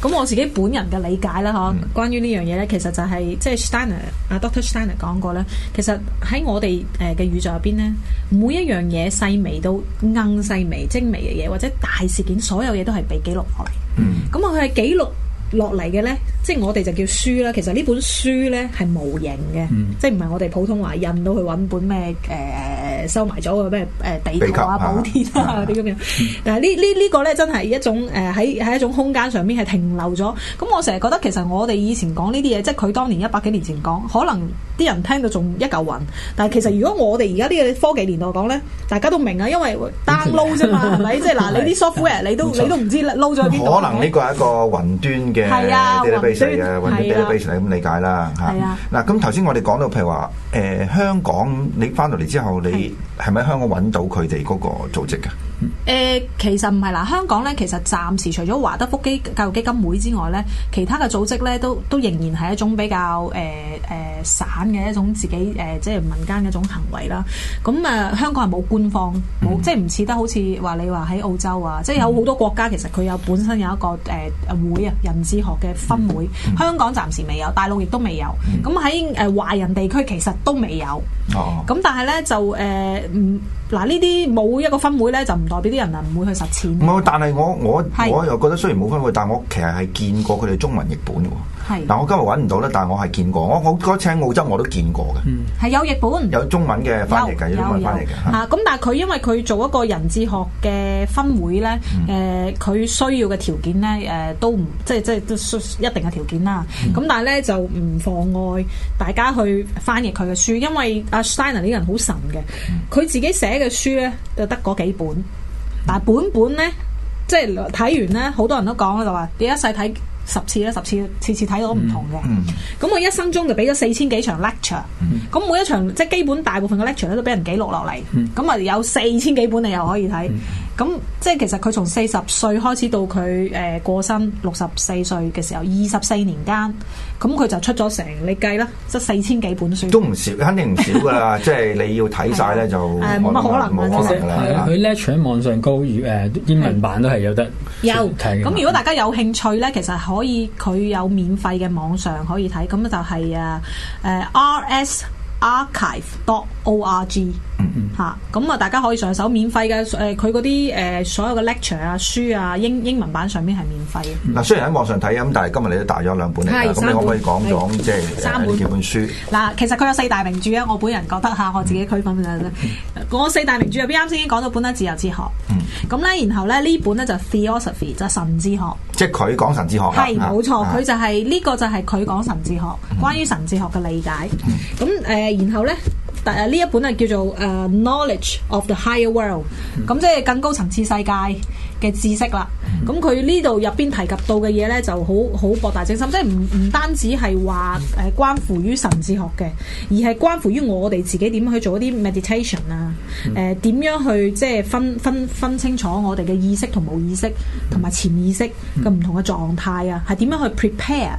咁我自己本人嘅理解啦，嗬、嗯，關於呢樣嘢咧，其實就係、是、即係 Steiner 阿 Doctor Steiner 講過咧，其實喺我哋誒嘅宇宙入邊咧，每一樣嘢細微到硬細微、精微嘅嘢，或者大事件，所有嘢都係被記錄落嚟。咁啊、嗯，佢係記錄落嚟嘅咧，即係我哋就叫書啦。其實呢本書咧係無形嘅，嗯、即係唔係我哋普通話印到去揾本咩誒收埋咗個咩誒地圖格保啊、補貼啊啲咁嘅。但係呢呢呢個咧真係一種誒喺喺一種空間上面係停留咗。咁我成日覺得其實我哋以前講呢啲嘢，即係佢當年一百幾年前講，可能啲人聽到仲一嚿雲。但係其實如果我哋而家啲嘅科技年代講咧，大家都明啊，因為 download 啫嘛，係咪？即係嗱，你啲 software 你都 錯你都唔知 load 咗邊度。可能呢個係一個雲端。嘅係啊，database 啊，揾啲 database 咁理解啦嚇。嗱端，咁頭先我哋講到，譬如話誒、呃，香港你翻到嚟之後，你係咪喺香港揾到佢哋嗰個組織㗎？誒，其實唔係啦，香港咧，其實暫時除咗華德福基教育基金會之外咧，其他嘅組織咧，都都仍然係一種比較誒誒散嘅一種自己誒，即係民間嘅一種行為啦。咁啊，香港係冇官方，冇即係唔似得好似話你話喺澳洲啊，即係有好多國家其實佢有本身有一個誒誒會啊，人智學嘅分會。香港暫時未有，大陸亦都未有。咁喺誒華人地區其實都未有。哦。咁但係咧就誒，嗯，嗱呢啲冇一個分會咧就。代表啲人啊，唔會去實踐。冇，但係我我是我又覺得雖然冇分會，但我其實係見過佢哋中文譯本嘅喎。係，嗱是我今日揾唔到啦，但係我係見過，我我嗰澳洲我都見過嘅，係、嗯、有譯本，有中文嘅翻譯嘅，英文翻譯嘅。啊，咁但係佢因為佢做一個人智學嘅分會咧，誒、嗯，佢、呃、需要嘅條件咧，誒、呃，都唔即係即係都一定嘅條件啦。咁、嗯、但係咧就唔妨礙大家去翻譯佢嘅書，因為阿 Steiner 呢個人好神嘅，佢自己寫嘅書咧就得嗰幾本，但係本本咧即係睇完咧，好多人都講就話點一世睇。十次啦，十次次次睇到唔同嘅，咁我、嗯嗯、一生中就俾咗四千幾場 lecture，咁、嗯、每一場即係基本大部分嘅 lecture 咧都俾人記錄落嚟，咁啊、嗯、有四千幾本你又可以睇。嗯嗯咁即係其實佢從四十歲開始到佢誒過身六十四歲嘅時候，二十四年間，咁佢就出咗成你計啦，即四千幾本書，都唔少，肯定唔少噶啦。 即係你要睇晒咧就誒，唔可能冇、 嗯、可能噶啦。佢 lecture 喺網上高語誒英文版都係有得有，咁、嗯、如果大家有興趣咧，其實可以佢有免費嘅網上可以睇，咁就係啊誒 r s archive dot o r g 嗯吓，咁啊，大家可以上手免費嘅誒，佢嗰啲誒所有嘅 lecture 啊、書啊、英英文版上邊係免費嘅。嗱，雖然喺網上睇咁，但係今日你都帶咗兩本嚟。咁可唔可以講講即係三本幾本書？嗱，其實佢有四大名著啊，我本人覺得吓，我自己區分就我四大名著入邊啱先已經講到本啦，《自由哲學》。咁咧，然後咧呢本咧就《Theosophy》，就神之學。即係佢講神之學。係冇錯，佢就係呢個就係佢講神之學，關於神之學嘅理解。咁誒，然後咧。但呢一本係叫做誒、uh, Knowledge of the Higher World，咁、mm hmm. 即係更高層次世界嘅知識啦。咁佢呢度入邊提及到嘅嘢呢，就好好博大精深，即係唔唔單止係話誒關乎於神智學嘅，而係關乎於我哋自己點去做一啲 meditation 啊，誒點、mm hmm. 呃、樣去即係分分分清楚我哋嘅意識同無意識同埋潛意識嘅唔同嘅狀態啊，係點、mm hmm. 樣去 prepare？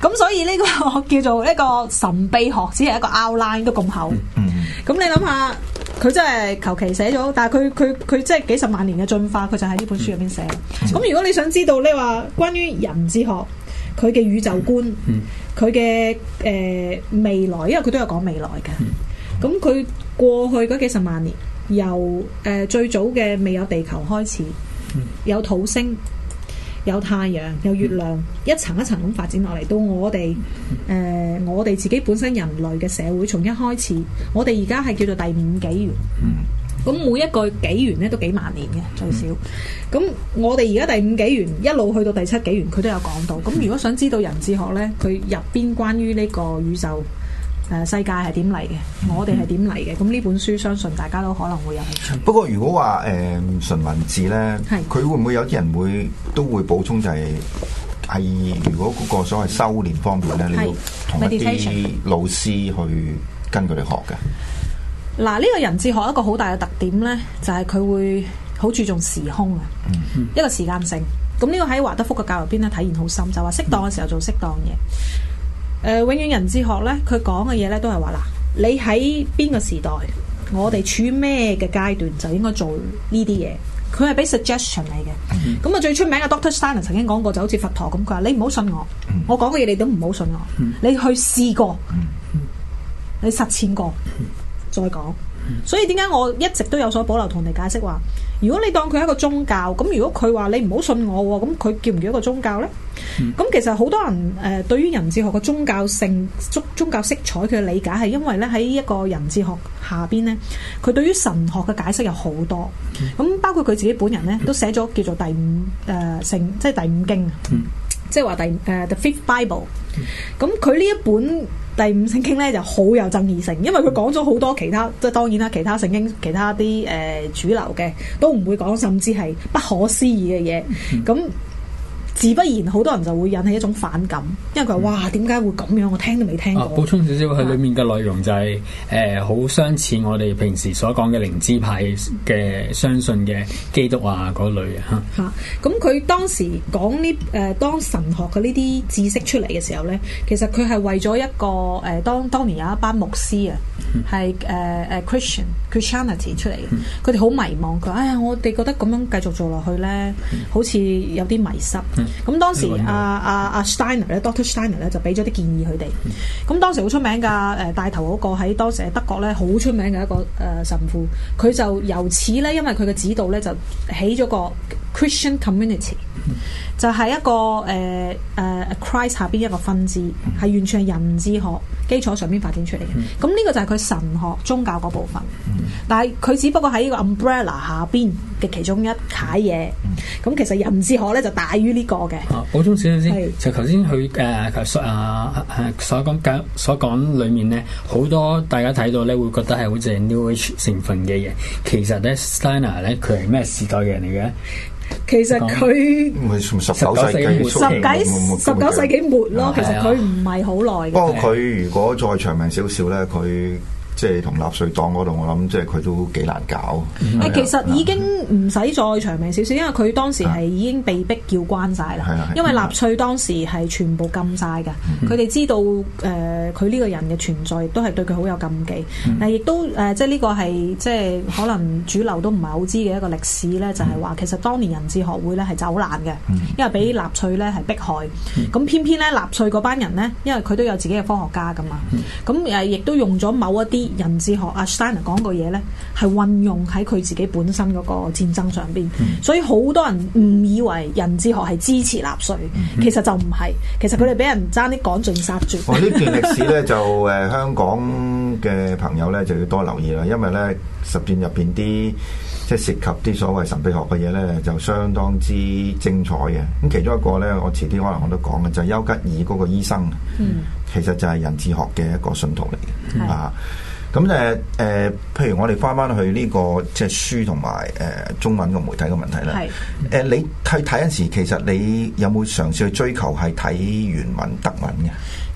咁、嗯、所以呢個叫做一個神秘學，只係一個 outline 都咁厚。咁、嗯嗯、你諗下，佢真係求其寫咗，但係佢佢佢真係幾十萬年嘅進化，佢就喺呢本書入邊寫。咁、嗯嗯、如果你想知道呢話，你關於人之學，佢嘅宇宙觀，佢嘅誒未來，因為佢都有講未來嘅。咁佢、嗯嗯、過去嗰幾十萬年，由誒、呃、最早嘅未有地球開始，有土星。有太陽，有月亮，一層一層咁發展落嚟，到我哋，誒、呃，我哋自己本身人類嘅社會，從一開始，我哋而家係叫做第五紀元，咁、嗯、每一個紀元咧都幾萬年嘅最少，咁、嗯、我哋而家第五紀元一路去到第七紀元，佢都有講到，咁如果想知道人智學呢，佢入邊關於呢個宇宙。誒，世界係點嚟嘅？我哋係點嚟嘅？咁呢本書，相信大家都可能會有興趣 不過，如果話誒純文字咧，係佢會唔會有啲人會都會補充就係係如果嗰個所謂修煉方面咧，是你要同一啲老師去跟佢哋學嘅。嗱，呢、這個人智學一個好大嘅特點咧，就係、是、佢會好注重時空啊，嗯、哼一個時間性。咁呢個喺華德福嘅教育邊咧，體現好深，就話、是、適當嘅時候做適當嘢。嗯呃、永遠人智學咧，佢講嘅嘢咧都係話嗱，你喺邊個時代，我哋處於咩嘅階段，就應該做呢啲嘢。佢係俾 suggestion 嚟嘅，咁啊、mm hmm. 最出名嘅 Doctor Steiner 曾經講過，就好似佛陀咁，佢話你唔好信我，mm hmm. 我講嘅嘢你都唔好信我，mm hmm. 你去試過，mm hmm. 你實踐過再講。所以點解我一直都有所保留同你解釋話。如果你當佢係一個宗教，咁如果佢話你唔好信我，咁佢叫唔叫一個宗教呢？咁、嗯、其實好多人誒對於人智學嘅宗教性、宗宗教色彩嘅理解係因為咧喺一個人智學下邊呢，佢對於神學嘅解釋有好多，咁、嗯、包括佢自己本人呢，都寫咗叫做第五誒聖、呃，即係第五經，嗯、即係話第誒、呃、The Fifth Bible、嗯。咁佢呢一本。第五聖經呢就好有爭議性，因為佢講咗好多其他，即係當然啦，其他聖經、其他啲誒、呃、主流嘅都唔會講，甚至係不可思議嘅嘢，咁、嗯。自不然，好多人就會引起一種反感，因為佢話哇，點解會咁樣，我聽都未聽過。補、啊、充少少，佢裏面嘅內容就係誒好相似我哋平時所講嘅靈知派嘅相信嘅基督類啊類類吓、吓咁，佢當時講呢誒當神學嘅呢啲知識出嚟嘅時候咧，其實佢係為咗一個誒、呃、當當年有一班牧師啊，係誒誒 Christian Christianity 出嚟，佢哋好迷茫，佢哎呀、呃，我哋覺得咁樣繼續做落去咧，好似有啲迷失。嗯咁當時阿阿阿、uh, uh, Steiner 咧，Doctor Steiner 咧就俾咗啲建議佢哋。咁、嗯、當時好出名噶誒，帶、呃、頭嗰、那個喺當時喺德國咧好出名嘅一個誒、呃、神父，佢就由此咧，因為佢嘅指導咧就起咗個 Christian Community、嗯、就係一個誒誒、呃 uh, Christ 下邊一個分支，係、嗯、完全係人智學基礎上邊發展出嚟嘅。咁呢、嗯嗯、個就係佢神學宗教嗰部分，嗯嗯、但係佢只不過喺呢個 umbrella 下邊。嘅其中一楷嘢，咁其實任唔可咧，就大於呢個嘅。補充少少先，就頭先佢誒頭啊所講解所講裡面咧，好多大家睇到咧會覺得係好似 New Age 成分嘅嘢，其實咧 Steiner 咧佢係咩時代嘅人嚟嘅？其實佢唔係從十九世紀末，十九世紀末咯，其實佢唔係好耐。不過佢如果再長命少少咧，佢。即係同納粹黨嗰度，我諗即係佢都幾難搞。其實已經唔使再長命少少，因為佢當時係已經被逼叫關晒。係啊！因為納粹當時係全部禁晒嘅。佢哋知道誒，佢呢個人嘅存在都係對佢好有禁忌。但亦都誒，即係呢個係即係可能主流都唔係好知嘅一個歷史咧，就係話其實當年人智學會咧係走難嘅，因為俾納粹咧係迫害。咁偏偏咧納粹嗰班人呢，因為佢都有自己嘅科學家噶嘛，咁誒亦都用咗某一啲。人智學阿 Steiner 講個嘢咧，係運用喺佢自己本身嗰個戰爭上邊，嗯、所以好多人誤以為人智學係支持納粹，嗯哼其、其實就唔係，其實佢哋俾人爭啲趕盡殺絕。我呢段歷史咧就誒、呃，香港嘅朋友咧就要多留意啦，因爲咧十段入邊啲即係涉及啲所謂神秘學嘅嘢咧，就相當之精彩嘅。咁其中一個咧，我遲啲可能我都講嘅，就丘、係、吉爾嗰個醫生，嗯、其實就係人智學嘅一個信徒嚟嘅啊。咁誒誒，譬如我哋翻翻去呢個即係書同埋誒中文個媒體嘅問題啦。係誒是、呃，你去睇嗰時，其實你有冇嘗試去追求係睇原文德文嘅？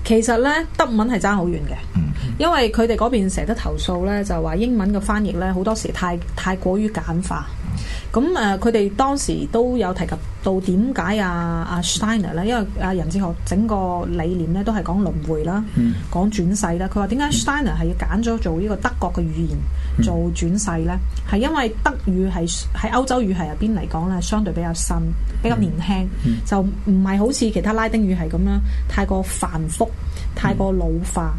其實咧，德文係爭好遠嘅，嗯、哼因為佢哋嗰邊成日都投訴咧，就話英文嘅翻譯咧，好多時太太過於簡化。咁誒，佢哋當時都有提及到點解阿阿 Steiner 咧，啊、iner, 因為阿人智學整個理念咧都係講輪迴啦，嗯、講轉世啦。佢話點解 Steiner 係揀咗做呢個德國嘅語言做轉世咧？係因為德語係喺歐洲語系入邊嚟講咧，相對比較新，比較年輕，嗯、就唔係好似其他拉丁語係咁樣太過繁複。太過老化，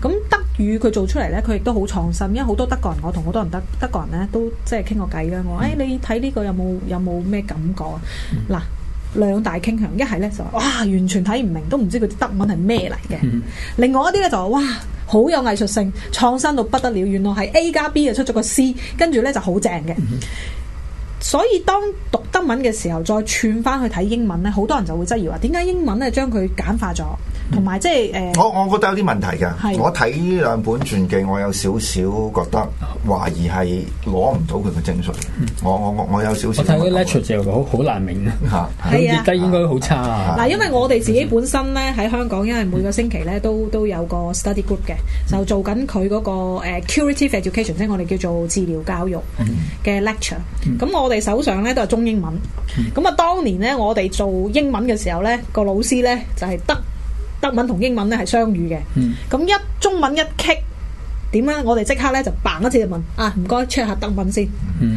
咁、嗯、德語佢做出嚟呢，佢亦都好創新，因為好多德國人，我同好多人德德國人呢，都即係傾過偈啦。我誒、嗯哎，你睇呢個有冇有冇咩感覺啊？嗱、嗯，兩大傾向，一係呢，就哇完全睇唔明，都唔知佢啲德文係咩嚟嘅。嗯、另外一啲呢，就哇好有藝術性，創新到不得了原來，係 A 加 B 就出咗個 C，跟住呢就好正嘅。嗯所以當讀德文嘅時候，再串翻去睇英文咧，好多人就會質疑話，點解英文咧將佢簡化咗？同埋即係誒我我覺得有啲問題㗎。的我睇呢兩本傳記，我有少少覺得懷疑，係攞唔到佢嘅精髓。我我我有少少，少有。我睇 lecture 就好好難明啊，係 啊，得 應該好差啊。嗱，因為我哋自己本身咧喺香港，因為每個星期咧都都有個 study group 嘅，就做緊佢個誒 curative education，即係我哋叫做治療教育嘅 lecture。咁、嗯嗯、我哋。手上咧都係中英文，咁啊、嗯、當年咧我哋做英文嘅時候咧，個老師咧就係德德文同英文咧係雙語嘅，咁、嗯、一中文一 kick, 點咧？我哋即刻咧就辦一次就問啊！唔該，check 下德文先，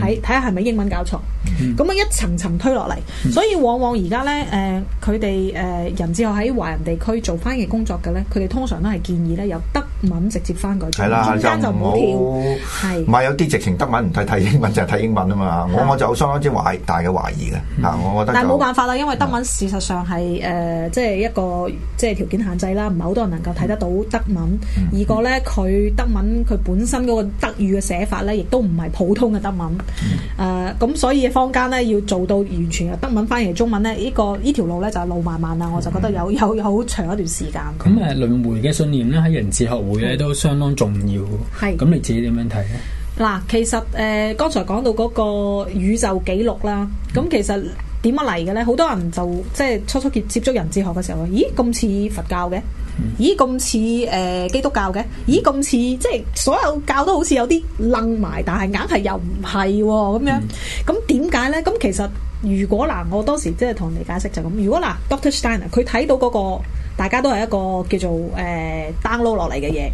睇睇下係咪英文搞錯。咁啊、嗯，樣一層層推落嚟，所以往往而家咧，誒佢哋誒人智學喺華人地區做翻譯工作嘅咧，佢哋通常都係建議咧由德文直接翻過，中間的就唔好跳。係咪有啲直是情德文唔睇睇英文就係睇英文啊嘛？我的我就相當之懷大嘅懷疑嘅。嗱、嗯，我覺得但係冇辦法啦，因為德文事實上係誒、呃，即係一個即係條件限制啦，唔係好多人能夠睇得到德文。嗯、二個咧，佢德文。佢本身嗰個德語嘅寫法咧，亦都唔係普通嘅德文，誒，咁所以坊間咧要做到完全由德文翻譯中文咧，呢個呢條路咧就係路漫漫啦，我就覺得有有有好長一段時間。咁誒，輪迴嘅信念咧喺人智學會咧都相當重要嘅，咁你自己點樣睇咧？嗱，其實誒，剛才講到嗰個宇宙紀錄啦，咁其實。點乜嚟嘅咧？好多人就即係初初接接觸人智學嘅時候，咦咁似佛教嘅，咦咁似誒基督教嘅，嗯、咦咁似即係所有教都好似有啲愣埋，但係硬係又唔係喎咁樣。咁點解咧？咁其實如果嗱，我當時即係同你解釋就咁。如果嗱，Doctor Steiner 佢睇到嗰、嗰個。大家都係一個叫做誒 download 落嚟嘅嘢，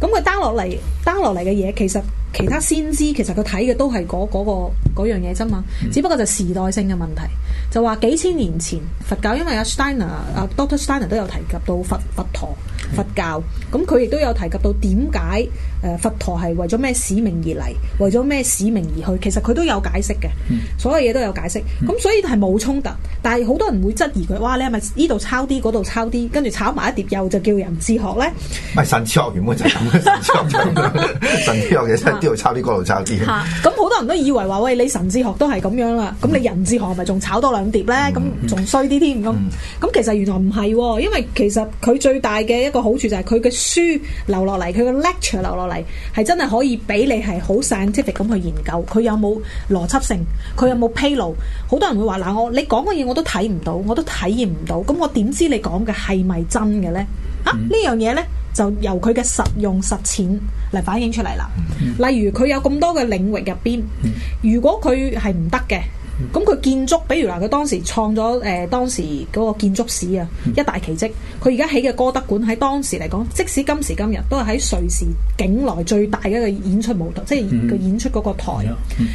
咁佢 download 落嚟 down 落嚟嘅嘢，其實其他先知其實佢睇嘅都係嗰嗰個、嗰個樣嘢啫嘛，只不過就時代性嘅問題，就話幾千年前佛教，因為阿 Steiner Doctor Steiner 都有提及到佛佛陀。佛教，咁佢亦都有提及到點解誒佛陀係為咗咩使命而嚟，為咗咩使命而去？其實佢都有解釋嘅，所有嘢都有解釋。咁所以係冇衝突，但係好多人會質疑佢，哇！你係咪呢度抄啲，嗰度抄啲，跟住炒埋一碟又就叫人智學咧？係神智學原本就係咁嘅，神智學嘅嘢真係呢度抄啲，嗰度抄啲。咁好多人都以為話，喂，你神智學都係咁樣啦，咁你人智學係咪仲炒多兩碟咧？咁仲衰啲添咁。咁其實原來唔係，因為其實佢最大嘅一個好處就係佢嘅書留落嚟，佢嘅 lecture 留落嚟，係真係可以俾你係好 scientific 咁去研究，佢有冇邏輯性，佢有冇披露。好多人會話：，嗱，我你講嘅嘢我都睇唔到，我都體驗唔到，咁我點知你講嘅係咪真嘅咧？啊，嗯、樣呢樣嘢咧就由佢嘅實用實踐嚟反映出嚟啦。例如佢有咁多嘅領域入邊，如果佢係唔得嘅。咁佢建築，比如話，佢當時創咗誒、呃、當時嗰個建築史啊，一大奇蹟。佢而家起嘅歌德館喺當時嚟講，即使今時今日都係喺瑞士境內最大嘅一個演出舞台，嗯、即係演出嗰個台。佢、嗯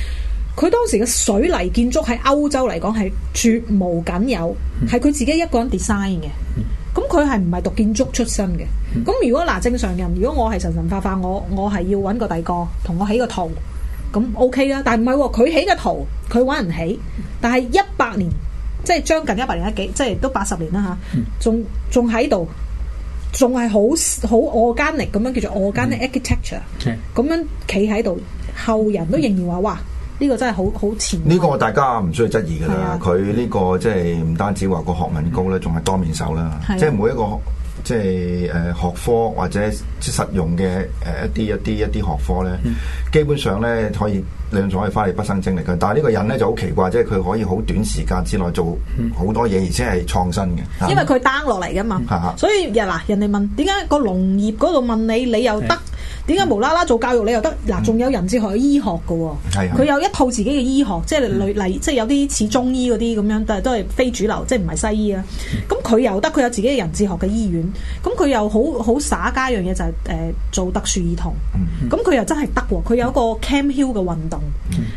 嗯、當時嘅水泥建築喺歐洲嚟講係絕無僅有，係佢、嗯、自己一個人 design 嘅。咁佢係唔係讀建築出身嘅？咁、嗯嗯、如果嗱正常人，如果我係神神化化，我我係要揾個第個同我起個圖。咁 OK 啦，但唔係喎，佢起嘅圖，佢玩唔起，但係一百年，即係將近一百年幾，即係都八十年啦吓，仲仲喺度，仲係好好 organic 咁樣叫做 organic architecture 咁樣企喺度，後人都仍然話、嗯、哇，呢、這個真係好好前，呢個大家唔需要質疑噶啦，佢呢、啊、個即係唔單止話個學問高咧，仲係、啊、多面手啦，啊、即係每一個。即係誒、呃、學科或者即實用嘅誒、呃、一啲一啲一啲學科咧，嗯、基本上咧可以兩種可以花你畢生精力嘅。但係呢個人咧就好奇怪，即係佢可以好短時間之內做好多嘢，而且係創新嘅。嗯、因為佢 down 落嚟㗎嘛，嗯、所以嗱、嗯、人哋問點解個農業嗰度問你，你又得？點解無啦啦做教育你又得嗱？仲有人智學嘅醫學㗎，佢 有一套自己嘅醫學，即係類， 即係有啲似中醫嗰啲咁樣，但係都係非主流，即係唔係西醫啊。咁、嗯、佢又得，佢有自己嘅人智學嘅醫院。咁佢又好好耍家一樣嘢就係、是、誒、呃、做特殊兒童。咁佢、嗯嗯、又真係得，佢有一個 Camphill 嘅運動，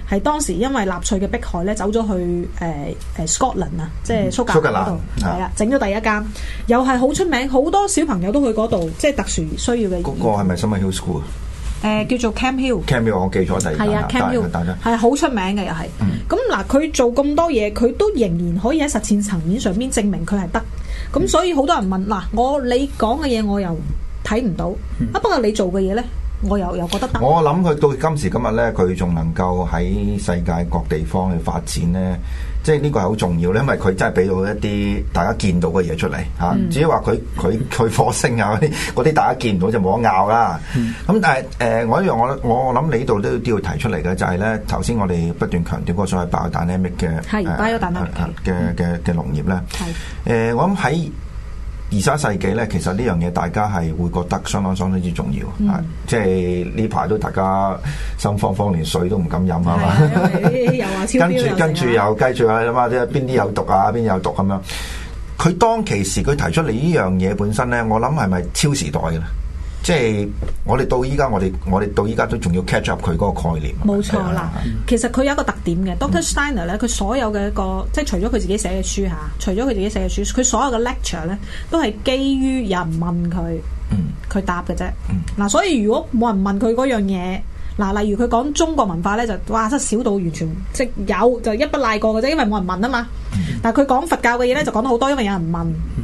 係、嗯、當時因為納粹嘅迫害咧，走咗去誒誒、呃、Scotland 啊，即係蘇格蘭嗰度，係啊，整咗第一間，又係好出名，好多小朋友都去嗰度，即、就、係、是、特殊需要嘅。嗰個係咪 Cam 誒、呃，叫做 Cam Hill，Cam Hill 我記錯第二，係啊，Cam Hill，係好出名嘅又係。咁嗱，佢、嗯、做咁多嘢，佢都仍然可以喺實踐層面上面證明佢係得。咁、嗯、所以好多人問嗱，我你講嘅嘢我又睇唔到，啊不過你做嘅嘢咧，我又又覺得得。我諗佢到今時今日咧，佢仲能夠喺世界各地方去發展咧。即係呢個係好重要咧，因為佢真係俾到一啲大家見到嘅嘢出嚟嚇、mm. 啊。至於話佢佢佢火星啊嗰啲啲大家見唔到就冇得拗啦。咁、mm. 但係誒、呃，我一樣我我我諗你呢度都要提出嚟嘅就係、是、咧，頭先我哋不斷強調嗰所謂 Bio-Dynamic 嘅嘅嘅嘅農業咧。誒，我諗喺。二十一世紀咧，其實呢樣嘢大家係會覺得相當相當之重要，係即係呢排都大家心慌慌，連水都唔敢飲啊嘛。跟住跟住又繼續去諗下啲邊啲有毒啊，邊有毒咁、啊、樣。佢、啊、當其時佢提出嚟呢樣嘢本身咧，我諗係咪超時代嘅咧？即係我哋到依家，我哋我哋到依家都仲要 catch up 佢嗰個概念。冇錯啦，吧其實佢有一個特點嘅。Doctor Steiner 咧，佢所有嘅一個即係除咗佢自己寫嘅書嚇，除咗佢自己寫嘅書，佢所有嘅 lecture 咧都係基於有人問佢，佢、嗯、答嘅啫。嗱、嗯啊，所以如果冇人問佢嗰樣嘢，嗱、啊，例如佢講中國文化咧，就哇真少到完全即係、就是、有就一筆帶過嘅啫，因為冇人問啊嘛。嗯嗯、但係佢講佛教嘅嘢咧，就講得好多，因為有人問，有人問。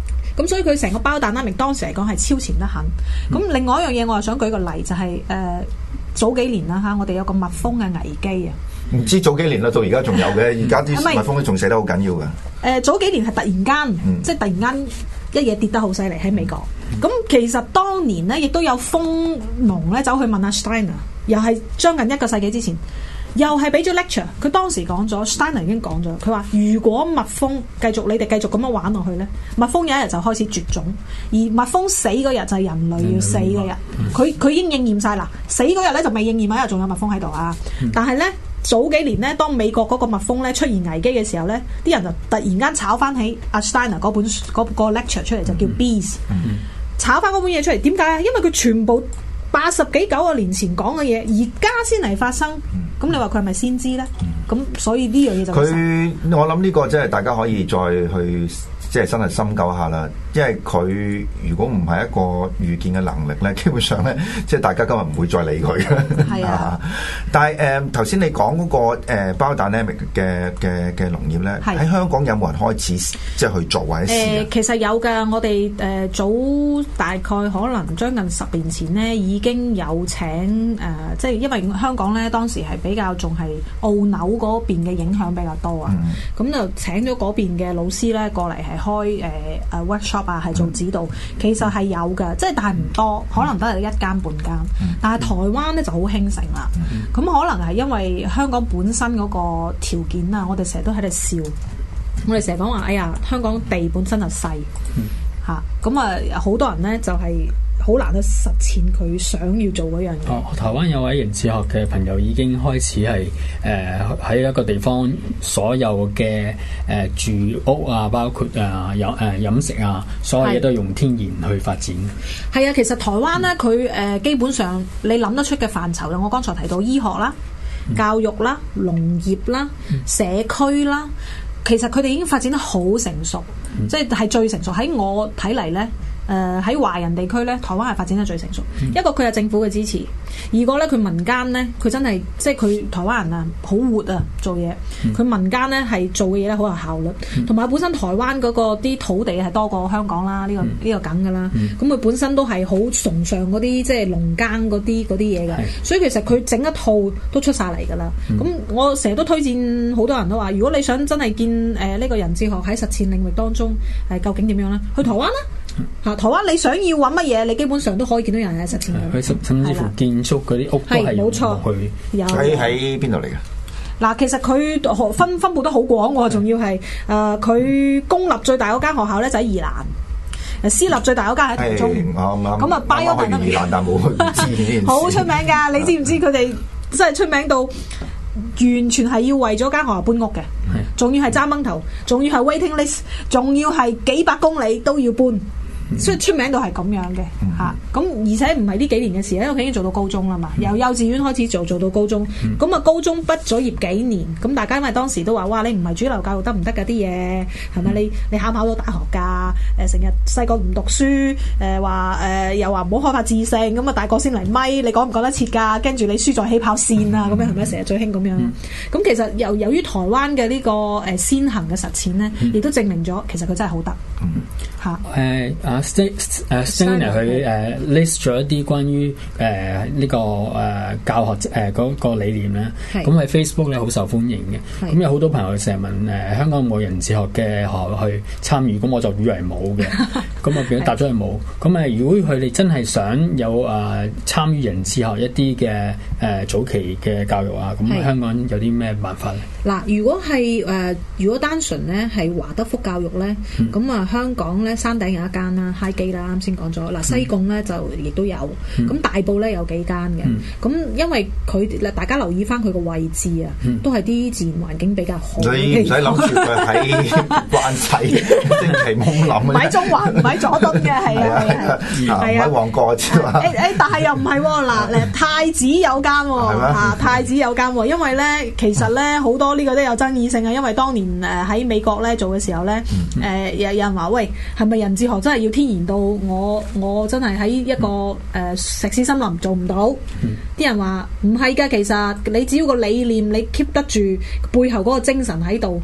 咁、嗯、所以佢成個包蛋拉明 a m 當時嚟講係超前得很。咁、嗯、另外一樣嘢我又想舉個例就係、是、誒、呃、早幾年啦吓，我哋有個蜜蜂嘅危機啊。唔知早幾年啦，到而家仲有嘅，而家啲蜜蜂都仲寫得好緊要噶。誒、嗯呃、早幾年係突然間，嗯、即係突然間一嘢跌得好犀利喺美國。咁、嗯嗯、其實當年咧亦都有蜂農咧走去問阿 Steiner，又係將近一個世紀之前。又係俾咗 lecture，佢當時講咗，Steiner 已經講咗，佢話如果蜜蜂繼續你哋繼續咁樣玩落去呢，蜜蜂有一日就開始絕種，而蜜蜂死嗰日就係人類要死嗰日。佢佢、啊、已經應驗晒啦，死嗰日呢就未應驗，嗰日仲有蜜蜂喺度啊。但係呢，早幾年呢，當美國嗰個蜜蜂呢出現危機嘅時候呢，啲人就突然間炒翻起阿 Steiner 嗰本嗰、嗰個 lecture 出嚟，就叫 Bees，炒翻嗰本嘢出嚟。點解啊？因為佢全部八十幾九個年前講嘅嘢，而家先嚟發生。咁你話佢係咪先知咧？咁所以呢樣嘢就佢，我諗呢個即係大家可以再去即係真係深究下啦。因為佢如果唔係一個預見嘅能力咧，基本上咧，即係大家今日唔會再理佢嘅 是、啊。啊、呃。但係誒頭先你講嗰、嗰個 Biodynamic、呃、呢、嘅嘅嘅農業咧，喺香港有冇人開始即係去做或者、呃、其實有㗎，我哋誒、呃、早大概可能將近十年前咧，已經有請誒、呃，即係因為香港咧當時係比較仲係澳紐嗰邊嘅影響比較多啊，咁、嗯、就請咗嗰邊嘅老師咧過嚟係開誒誒啊，係做指導，其實係有噶，即係但係唔多，可能都得一間半間。嗯、但係台灣呢就好興盛啦，咁、嗯、可能係因為香港本身嗰個條件啊，我哋成日都喺度笑，我哋成日講話，哎呀，香港地本身就細，嚇、嗯，咁啊，好多人呢就係、是。好難去實踐佢想要做嗰樣嘢。哦，台灣有位人智學嘅朋友已經開始係誒喺一個地方所有嘅誒、呃、住屋啊，包括啊有誒飲食啊，所有嘢都用天然去發展。係啊，其實台灣呢，佢誒、嗯、基本上你諗得出嘅範疇，我剛才提到醫學啦、教育啦、農業啦、嗯、社區啦，其實佢哋已經發展得好成熟，嗯、即係係最成熟喺我睇嚟呢。誒喺華人地區咧，台灣係發展得最成熟。一個佢係政府嘅支持，二個咧，佢民間咧，佢真係即係佢台灣人啊，好活啊，做嘢。佢民間咧係做嘅嘢咧好有效率，同埋本身台灣嗰個啲土地係多過香港啦，呢個呢個梗㗎啦。咁佢本身都係好崇尚嗰啲即係農耕嗰啲嗰啲嘢㗎，所以其實佢整一套都出晒嚟㗎啦。咁我成日都推薦好多人都話，如果你想真係見誒呢個人智學喺實踐領域當中係究竟點樣咧，去台灣啦。啊！台灣你想要揾乜嘢？你基本上都可以見到人嘅實嘅。佢甚甚至乎建築嗰啲屋係冇錯，佢喺喺邊度嚟嘅？嗱，其實佢學分、嗯、分布都好廣、哦，我仲要係誒，佢、呃、公立最大嗰間學校咧就喺宜蘭，嗯、私立最大嗰間喺台中。咁啊、嗯，擺喺宜蘭但冇去 好出名噶， 你知唔知佢哋真係出名到完全係要為咗間學校搬屋嘅？仲、嗯、要係爭掹頭，仲要係 waiting list，仲要係幾百公里都要搬。嗯、所以出名都係咁樣嘅，嚇、嗯、咁而且唔係呢幾年嘅事，因為佢已經做到高中啦嘛，由幼稚園開始做做到高中，咁啊、嗯、高中畢咗業幾年，咁大家因為當時都話哇，你唔係主流教育得唔得噶啲嘢係咪？你你考唔考到大學㗎？誒、呃、成日細個唔讀書，誒話誒又話唔好開發智性，咁啊大個先嚟咪你講唔講得切㗎？跟住你輸在起跑線啊，咁樣係咪成日最興咁樣？咁、嗯嗯、其實由由於台灣嘅呢個誒先行嘅實踐咧，亦都證明咗其實佢真係好得嚇誒 send e n d 嚟佢誒 list 咗一啲關於誒呢個誒教學誒個理念咧，咁喺 Facebook 咧好受歡迎嘅，咁有好多朋友成日問誒香港外人智學嘅學校去參與，咁我就以為冇嘅，咁我變咗答咗係冇。咁誒如果佢哋真係想有誒參與人智學一啲嘅誒早期嘅教育啊，咁香港有啲咩辦法咧？嗱，如果係誒如果單純咧係華德福教育咧，咁啊香港咧山頂有一間啦。太記啦，啱先講咗嗱，西貢咧就亦都有，咁大埔咧有幾間嘅，咁因為佢大家留意翻佢個位置啊，都係啲自然環境比較好，所以唔使諗住佢喺關西，即係冇諗。喺中環、唔喺佐敦嘅係啊，係啊，喺旺角啊之嘛。但係又唔係嗱誒太子有間嚇，太子有間，因為咧其實咧好多呢個都有爭議性啊，因為當年誒喺美國咧做嘅時候咧，誒有人話喂，係咪人智學真係要？天然到我我真係喺一個誒、呃、石屎森林做唔到，啲 人話唔係噶，其實你只要個理念，你 keep 得住背後嗰個精神喺度。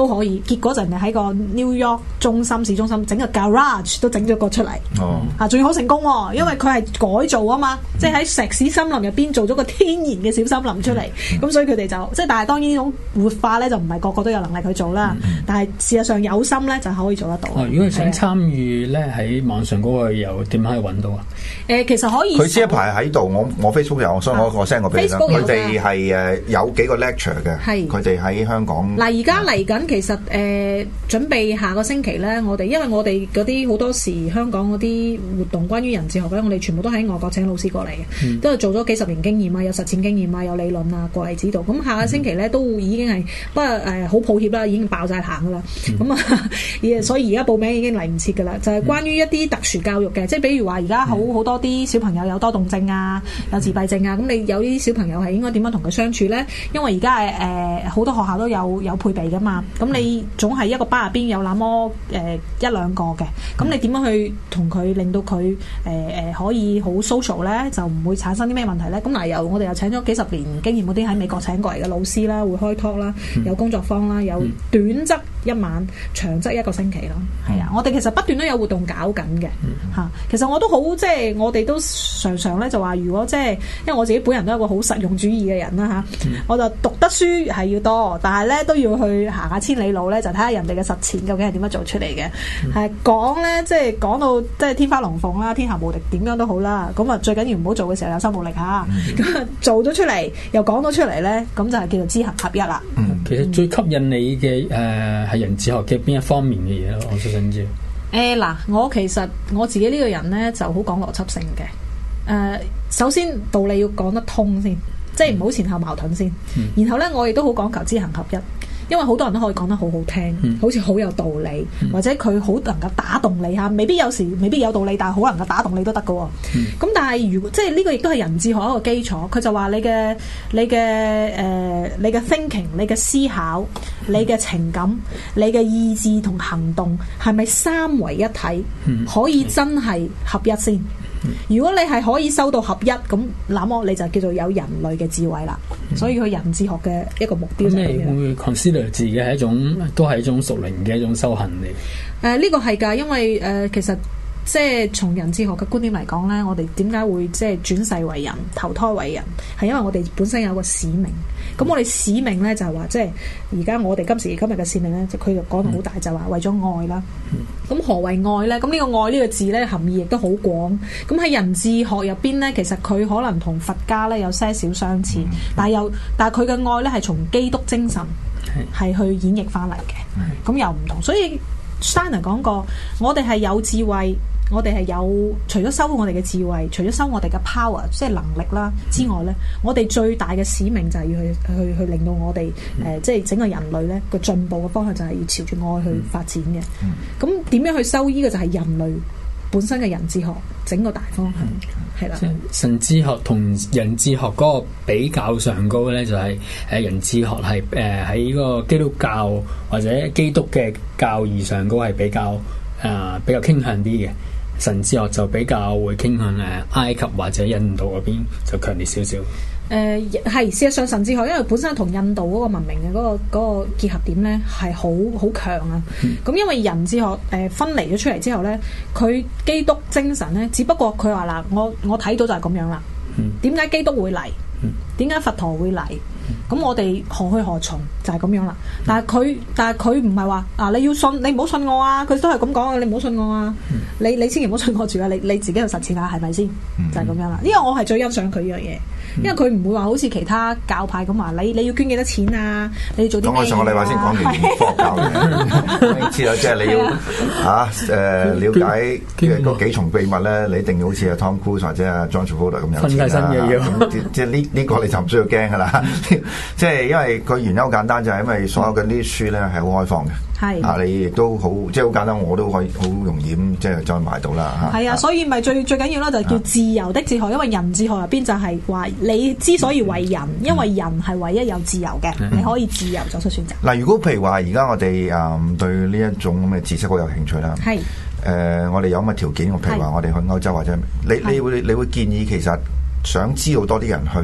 都可以，結果就係喺個 New York 中心市中心整個 garage 都整咗個出嚟，啊仲要好成功，因為佢係改造啊嘛，即係喺石屎森林入邊做咗個天然嘅小森林出嚟，咁所以佢哋就即係，但係當然呢種活化咧就唔係個個都有能力去做啦，但係事實上有心咧就可以做得到。如果你想參與咧，喺網上嗰個又點可以揾到啊？誒，其實可以。佢先一排喺度，我我 Facebook 有，所以我我 send 個俾你。f 佢哋係誒有幾個 lecture 嘅，佢哋喺香港。嗱，而家嚟緊。其實誒、呃、準備下個星期咧，我哋因為我哋嗰啲好多時香港嗰啲活動，關於人智學咧，我哋全部都喺外國請老師過嚟嘅，嗯、都係做咗幾十年經驗啊，有實踐經驗啊，有理論啊，過嚟指導。咁、嗯、下個星期咧都已經係不過誒好、呃、抱歉啦，已經爆晒棚噶啦。咁啊、嗯，嗯、 所以而家報名已經嚟唔切噶啦。就係、是、關於一啲特殊教育嘅，嗯、即係比如話而家好好、嗯、多啲小朋友有多動症啊，有自閉症啊，咁、嗯嗯、你有啲小朋友係應該點樣同佢相處咧？因為而家係誒好多學校都有有配備噶嘛。咁、嗯、你總係一個班入邊有那麼誒、呃、一兩個嘅，咁你點樣去同佢令到佢誒誒可以好 social 咧，就唔會產生啲咩問題咧？咁嗱又我哋又請咗幾十年經驗嗰啲喺美國請過嚟嘅老師啦，會開 talk 啦，有工作坊啦，有短則一晚，長則一個星期咯。嗯嗯我哋其實不斷都有活動搞緊嘅，吓、嗯，其實我都好即係我哋都常常咧就話，如果即係因為我自己本人都係個好實用主義嘅人啦，吓、嗯，我就讀得書係要多，但係咧都要去行下千里路咧，就睇下人哋嘅實踐究竟係點樣做出嚟嘅。係講咧，即係講到即係天花龍鳳啦，天下無敵點樣都好啦，咁啊最緊要唔好做嘅時候有心無力吓，咁、嗯啊嗯、做咗出嚟又講到出嚟咧，咁就係叫做知行合一啦。嗯、其實最吸引你嘅誒係人智學嘅邊一方面嘅嘢咯，我想知誒，嗱、欸，我其實我自己呢個人呢就好講邏輯性嘅。誒、呃，首先道理要講得通先，即係唔好前後矛盾先。嗯、然後呢，我亦都好講求知行合一。因為好多人都可以講得好好聽，嗯、好似好有道理，嗯、或者佢好能夠打動你吓，未必有時未必有道理，但係好能夠打動你都得嘅。咁、嗯、但係如果即係呢個亦都係人智學一個基礎，佢就話你嘅你嘅誒你嘅 thinking、你嘅、呃、思考、嗯、你嘅情感、你嘅意志同行動係咪三為一體，可以真係合一先。如果你係可以收到合一咁，那，那麼你就叫做有人類嘅智慧啦。嗯、所以佢人智學嘅一個目標、嗯、就係會，會 consider 自己係一種，都係一種屬靈嘅一種修行嚟。誒、呃，呢、這個係噶，因為誒、呃，其實。即係從人智學嘅觀點嚟講呢，我哋點解會即係轉世為人，投胎為人，係因為我哋本身有個使命。咁我哋使，使命呢，就係話，即係而家我哋今時今日嘅使命呢，就佢講得好大，就話、是、為咗愛啦。咁何為愛呢？咁呢個愛呢個字呢，含義亦都好廣。咁喺人智學入邊呢，其實佢可能同佛家呢有些少相似，嗯嗯、但係又但係佢嘅愛呢，係從基督精神係去演繹翻嚟嘅，咁又唔同，所以。Steiner 講過，我哋係有智慧，我哋係有除咗收我哋嘅智慧，除咗收我哋嘅 power，即係能力啦之外咧，嗯、我哋最大嘅使命就係要去去去令到我哋誒，即、呃、係、就是、整個人類咧個進步嘅方向就係要朝住愛去發展嘅。咁點、嗯、樣去修依個就係人類本身嘅人智學整個大方向係啦。嗯、的神智學同人智學嗰個比較上高嘅咧，就係誒人智學係誒喺個基督教或者基督嘅，教義上嗰係比較誒、呃、比較傾向啲嘅，神智學就比較會傾向誒埃及或者印度嗰邊就強烈少少。誒係、呃、事實上神智學因為本身同印度嗰個文明嘅嗰、嗰個嗰、嗰個結合點咧係好好強啊。咁、嗯、因為人智學誒、呃、分離咗出嚟之後咧，佢基督精神咧只不過佢話嗱我我睇到就係咁樣啦。點解基督會嚟？點解佛陀會嚟？嗯咁我哋何去何從就係、是、咁樣啦，但係佢但係佢唔係話啊你要信你唔好信我啊，佢都係咁講啊，你唔好信我啊，嗯、你你千祈唔好信我住啊，你你自己去實踐下係咪先？是是嗯、就係咁樣啦，呢個我係最欣賞佢呢樣嘢。因為佢唔會話好似其他教派咁話，你你要捐幾多錢啊？你要做啲咩啊？咁我上個禮拜先講完科學教嘅，你知啦，即係你要吓誒了解嗰見幾重秘密咧，你一定要好似阿 Tom Cruise 或者阿 John Travolta 咁有錢咁、啊啊、 即係呢呢個你就唔需要驚噶啦即 係因為個原因好簡單就係、是因,因,就是、因為所有嘅呢啲書咧係好開放嘅。係啊，你亦都好，即係好簡單，我都可以好容易咁即係再買到啦吓。係啊，啊所以咪最最緊要啦，就叫自由的哲學，因為人智學入邊就係、是、話，你之所以為人，因為人係唯一有自由嘅，你可以自由作出選擇。嗱、嗯，嗯、 如果譬如話而家我哋誒、嗯、對呢一種咁嘅知識好有興趣啦，係誒是、呃、我哋有乜條件，譬如話我哋去歐洲或者，是你你會你會建議其實想知道多啲人去，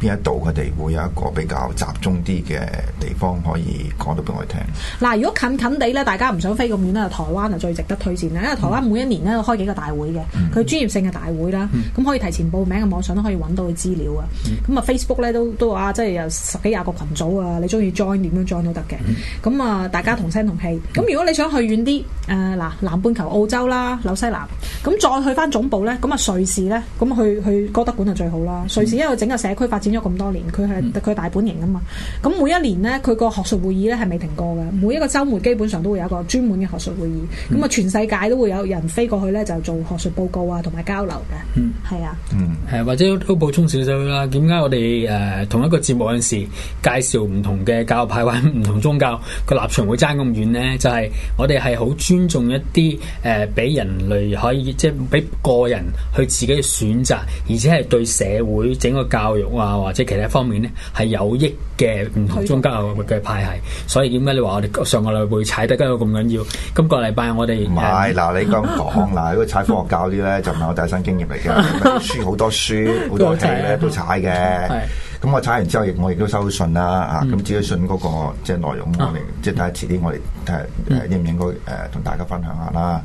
邊一度佢哋會有一個比較集中啲嘅地方可以講到俾我哋聽？嗱，如果近近地咧，大家唔想飛咁遠咧，台灣就最值得推薦啦。因為台灣每一年咧開幾個大會嘅，佢專、嗯、業性嘅大會啦，咁、嗯、可以提前報名嘅網上都可以揾到佢資料啊。咁啊、嗯、Facebook 咧都都啊，即係有十幾廿個群組啊，你中意 join 點樣 join 都得嘅。咁啊、嗯，大家同聲同氣。咁、嗯、如果你想去遠啲，誒、呃、嗱，南半球澳洲啦、紐西蘭，咁再去翻總部咧，咁啊瑞士咧，咁去去，去，去哥德館就最好啦。瑞士因為整個社區發展咗咁多年，佢係佢大本營啊嘛。咁每一年呢，佢個學術會議咧係未停過嘅。每一個周末基本上都會有一個專門嘅學術會議，咁啊、嗯，全世界都會有人飛過去咧，就做學術報告啊，同埋交流嘅。嗯，係啊，嗯，係或者都補充少少啦。點解我哋誒、呃、同一個節目嗰陣時介紹唔同嘅教派或唔同宗教個立場會爭咁遠呢？就係、是、我哋係好尊重一啲誒，俾、呃、人類可以即係俾個人去自己嘅選擇，而且係對社會整個教育啊。或者其他方面咧，係有益嘅唔同宗教嘅派系，所以點解你話我哋上個禮拜會踩得咁緊要？今個禮拜我哋唔係嗱，你剛講嗱，如果踩科學教啲咧，就唔係我第一身經驗嚟嘅，書好多書好多嘢咧都踩嘅。咁我踩完之後我，我亦都收咗信啦嚇。咁至於信嗰、那個即係內容，嗯、我哋即係睇下遲啲我哋睇誒應唔應該誒同、呃、大家分享下啦。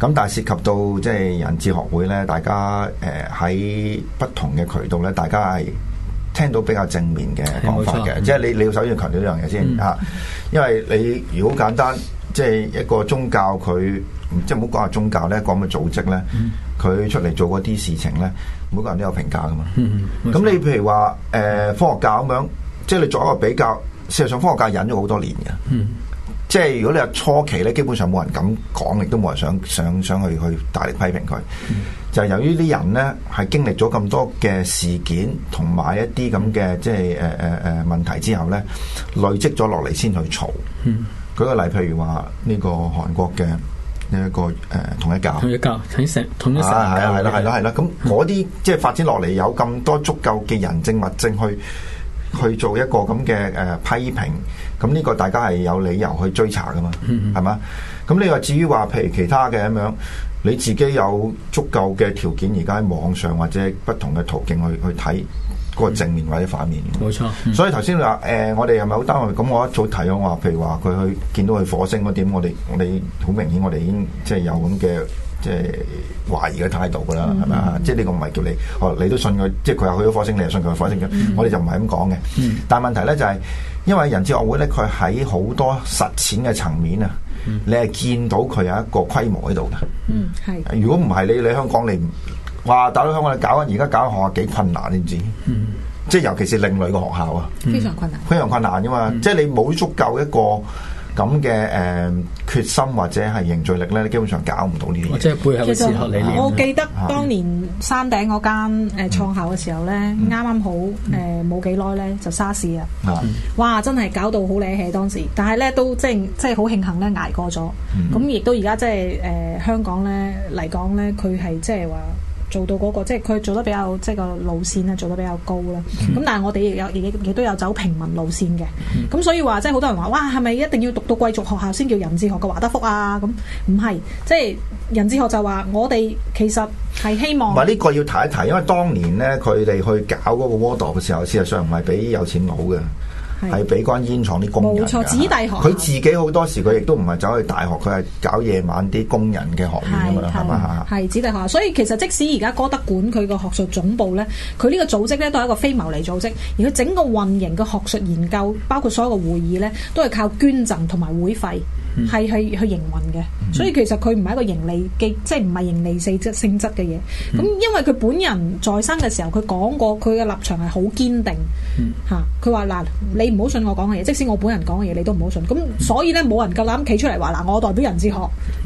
咁但係涉及到即係人智學會咧，大家誒喺不同嘅渠道咧，大家係，聽到比較正面嘅講法嘅，冇錯、即係你、嗯、你要首先強調呢樣嘢先嚇，嗯、因為你如果簡單即係、就是、一個宗教佢即係唔好講下宗教咧，講個組織咧，佢、嗯、出嚟做嗰啲事情咧，每個人都有評價㗎嘛。咁、嗯、你譬如話誒、呃、科學教咁樣，即係你做一個比較，事實上科學教忍咗好多年嘅。嗯即係如果你話初期咧，基本上冇人敢講，亦都冇人想想想去去大力批評佢。嗯、就係由於啲人咧係 Carbon. 經歷咗咁多嘅事件，同埋一啲咁嘅即係誒誒誒問題之後咧，累積咗落嚟先去嘈。舉個例，譬如話呢個韓國嘅呢一個誒統一教，統一教，統統一晒啊，係啦係啦係啦。咁嗰啲即係發展落嚟有咁多足夠嘅人證物證去。是去做一個咁嘅誒批評，咁呢個大家係有理由去追查噶嘛，係嘛、mm？咁、hmm. 你話至於話譬如其他嘅咁樣，你自己有足夠嘅條件而家喺網上或者不同嘅途徑去去睇嗰個正面或者反面。冇錯、mm，hmm. 所以頭先你話誒、呃，我哋係咪好單純？咁我一早提咗我話，譬如話佢去見到佢火星嗰點，我哋我哋好明顯，我哋已經即係有咁嘅。即係懷疑嘅態度㗎啦，係咪啊？即係呢個唔係叫你，哦，你都信佢，即係佢話去咗火星，你又信佢去火星嘅。嗯、我哋就唔係咁講嘅。嗯、但係問題咧就係、是，因為人智學會咧，佢喺好多實踐嘅層面啊，嗯、你係見到佢有一個規模喺度嘅。嗯，係。如果唔係你，你香港你，唔哇！打到香港嚟搞，而家搞學校幾困難，你知？嗯、即係尤其是另類嘅學校啊。嗯、非常困難。嗯、非常困難㗎嘛，嗯、即係你冇足夠一個。咁嘅誒決心或者係凝聚力咧，基本上搞唔到呢啲嘢。即其實我記得當年山頂嗰間誒、嗯呃、創校嘅時候咧，啱啱、嗯、好誒冇幾耐咧就沙士 r s 啊！ 嗯、 哇，真係搞到好瀨氣當時。但係咧都即係即係好慶幸咧捱過咗。咁亦、嗯、都而家即係誒、呃、香港咧嚟講咧，佢係即係話。做到嗰、那個即係佢做得比較即係個路線咧，做得比較高啦。咁、嗯、但係我哋亦有亦都有走平民路線嘅。咁、嗯、所以話即係好多人話，哇，係咪一定要讀到貴族學校先叫人智學嘅華德福啊？咁唔係，即係人智學就話我哋其實係希望。唔係呢個要提一提，因為當年咧佢哋去搞嗰個沃頓嘅時候，事實上唔係俾有錢佬嘅。係俾關煙廠啲工人。冇錯，子弟學。佢自己好多時佢亦都唔係走去大學，佢係搞夜晚啲工人嘅學院噶啦，係嘛係子弟學校，所以其實即使而家哥德館佢個學術總部咧，佢呢個組織咧都係一個非牟利組織，而佢整個運營嘅學術研究，包括所有個會議咧，都係靠捐贈同埋會費，係去、嗯、去營運嘅。所以其實佢唔係一個盈利嘅，即係唔係盈利性質性質嘅嘢。咁因為佢本人在生嘅時候，佢講過佢嘅立場係好堅定，吓、嗯，佢話嗱你唔好信我講嘅嘢，即使我本人講嘅嘢，你都唔好信。咁所以咧，冇人夠膽企出嚟話嗱，我代表人智學，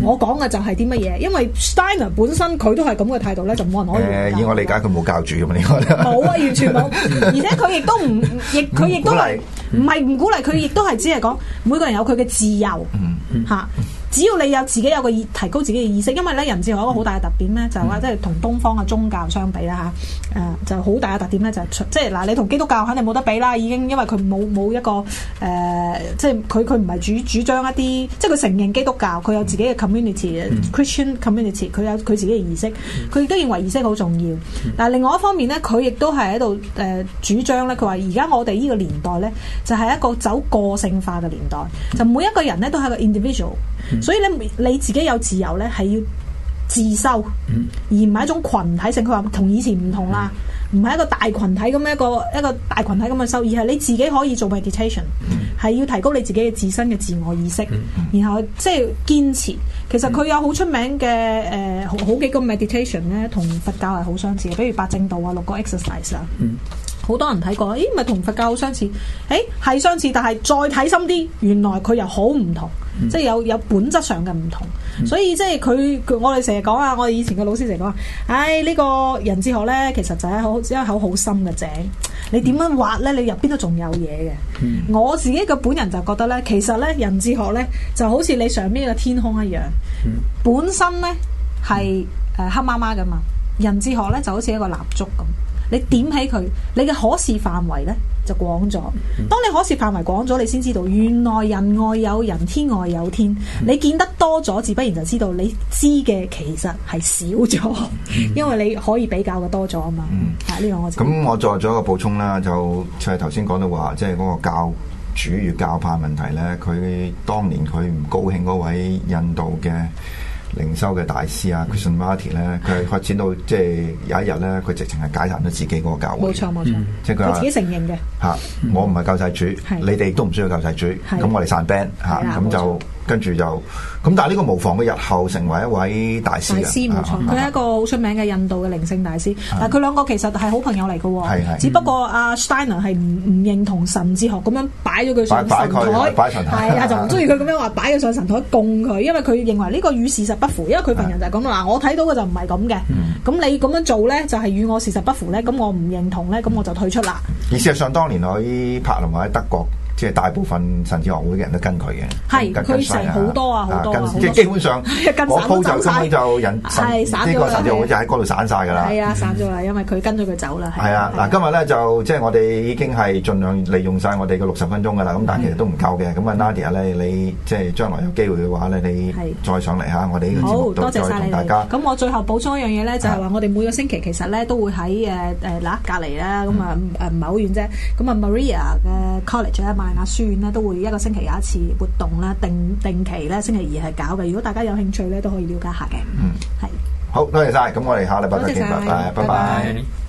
我講嘅就係啲乜嘢？因為 Steiner 本身佢都係咁嘅態度咧，就冇人可以、呃。以我理解，佢冇教主咁嘛？呢冇啊，完全冇， 而且佢亦都唔，亦佢亦都係唔係唔鼓勵，佢亦都係只係講每個人有佢嘅自由，吓、嗯。嗯嗯嗯只要你有自己有個意提高自己嘅意識，因為咧，人智學一個好大嘅特點咧，就係話即係同東方嘅宗教相比啦嚇，誒、啊、就好大嘅特點咧，就係、是、即係嗱，你同基督教肯定冇得比啦，已經因為佢冇冇一個誒、呃，即係佢佢唔係主主張一啲，即係佢承認基督教，佢有自己嘅 community，Christian、嗯、community，佢有佢自己嘅意識，佢亦都認為意識好重要。但、啊、另外一方面咧，佢亦都係喺度誒主張咧，佢話而家我哋呢個年代咧，就係、是、一個走個性化嘅年代，就每一個人咧都係個 individual。嗯、所以咧，你自己有自由咧，係要自修，而唔係一種群體性。佢話同以前唔同啦，唔係、嗯、一個大群體咁一個一個大群體咁嘅修，而係你自己可以做 meditation，係、嗯、要提高你自己嘅自身嘅自我意識，嗯、然後即係、就是、堅持。其實佢有好出名嘅誒、呃，好幾個 meditation 咧，同佛教係好相似，比如八正道啊，六個 exercise 啊、嗯。好多人睇過，咦，咪同佛教好相似，誒係相似，但係再睇深啲，原來佢又好唔同，嗯、即係有有本質上嘅唔同。嗯、所以即係佢，我哋成日講啊，我哋以前嘅老師成日講啊，唉、哎、呢、這個人智學咧，其實就係好只一口好深嘅井，你點樣挖咧？你入邊都仲有嘢嘅。嗯、我自己嘅本人就覺得咧，其實咧人智學咧就好似你上邊嘅天空一樣，嗯、本身咧係誒黑麻麻嘅嘛，人智學咧就好似一個蠟燭咁。你點起佢，你嘅可視範圍呢就廣咗。當你可視範圍廣咗，你先知道原來人外有人，天外有天。你見得多咗，自不然就知道你知嘅其實係少咗，因為你可以比較嘅多咗啊嘛。啊、嗯，呢、這個我咁我再做一個補充啦，就即係頭先講到話，即係嗰個教主與教派問題呢，佢當年佢唔高興嗰位印度嘅。靈修嘅大師啊，Krishnamurti 咧，佢係、嗯嗯、發展到即係有一日咧，佢直情係解散咗自己嗰個教會。冇錯冇錯，即係佢自己承認嘅。嚇、嗯，我唔係救世主，嗯、你哋都唔需要救世主。咁是我哋散 band 嚇，咁就。跟住就，咁但係呢個無妨嘅，日後成為一位大師。大師冇錯，佢係一個好出名嘅印度嘅靈性大師。但係佢兩個其實係好朋友嚟嘅喎。 只不過阿 Steiner 係唔唔認同神智學咁樣擺咗佢上神台，擺上神台係啊，就唔中意佢咁樣話擺佢上神台供佢，因為佢認為呢個與事實不符。因為佢份人就係咁啦，我睇到嘅就唔係咁嘅。咁 你咁樣做咧，就係、是、與我事實不符咧。咁我唔認同咧，咁我就退出啦。出意思係上當年喺柏林或喺德國。即係大部分神智學會嘅人都跟佢嘅，係佢成好多啊，好多，即係基本上我鋪就散就引，喺度散晒㗎啦，係啊，散咗啦，因為佢跟咗佢走啦。係啊，嗱，今日咧就即係我哋已經係盡量利用晒我哋嘅六十分鐘㗎啦，咁但係其實都唔夠嘅。咁啊，Nadia 咧，你即係將來有機會嘅話咧，你再上嚟吓，我哋好多謝大家。咁我最後補充一樣嘢咧，就係話我哋每個星期其實咧都會喺誒誒嗱隔籬啦，咁啊唔係好遠啫，咁啊 Maria 嘅 college 啊書院咧都會一個星期有一次活動啦，定定期咧星期二係搞嘅。如果大家有興趣咧，都可以了解下嘅。嗯，係是好，多謝晒，咁我哋下禮拜再見，拜拜，拜拜。Bye, you.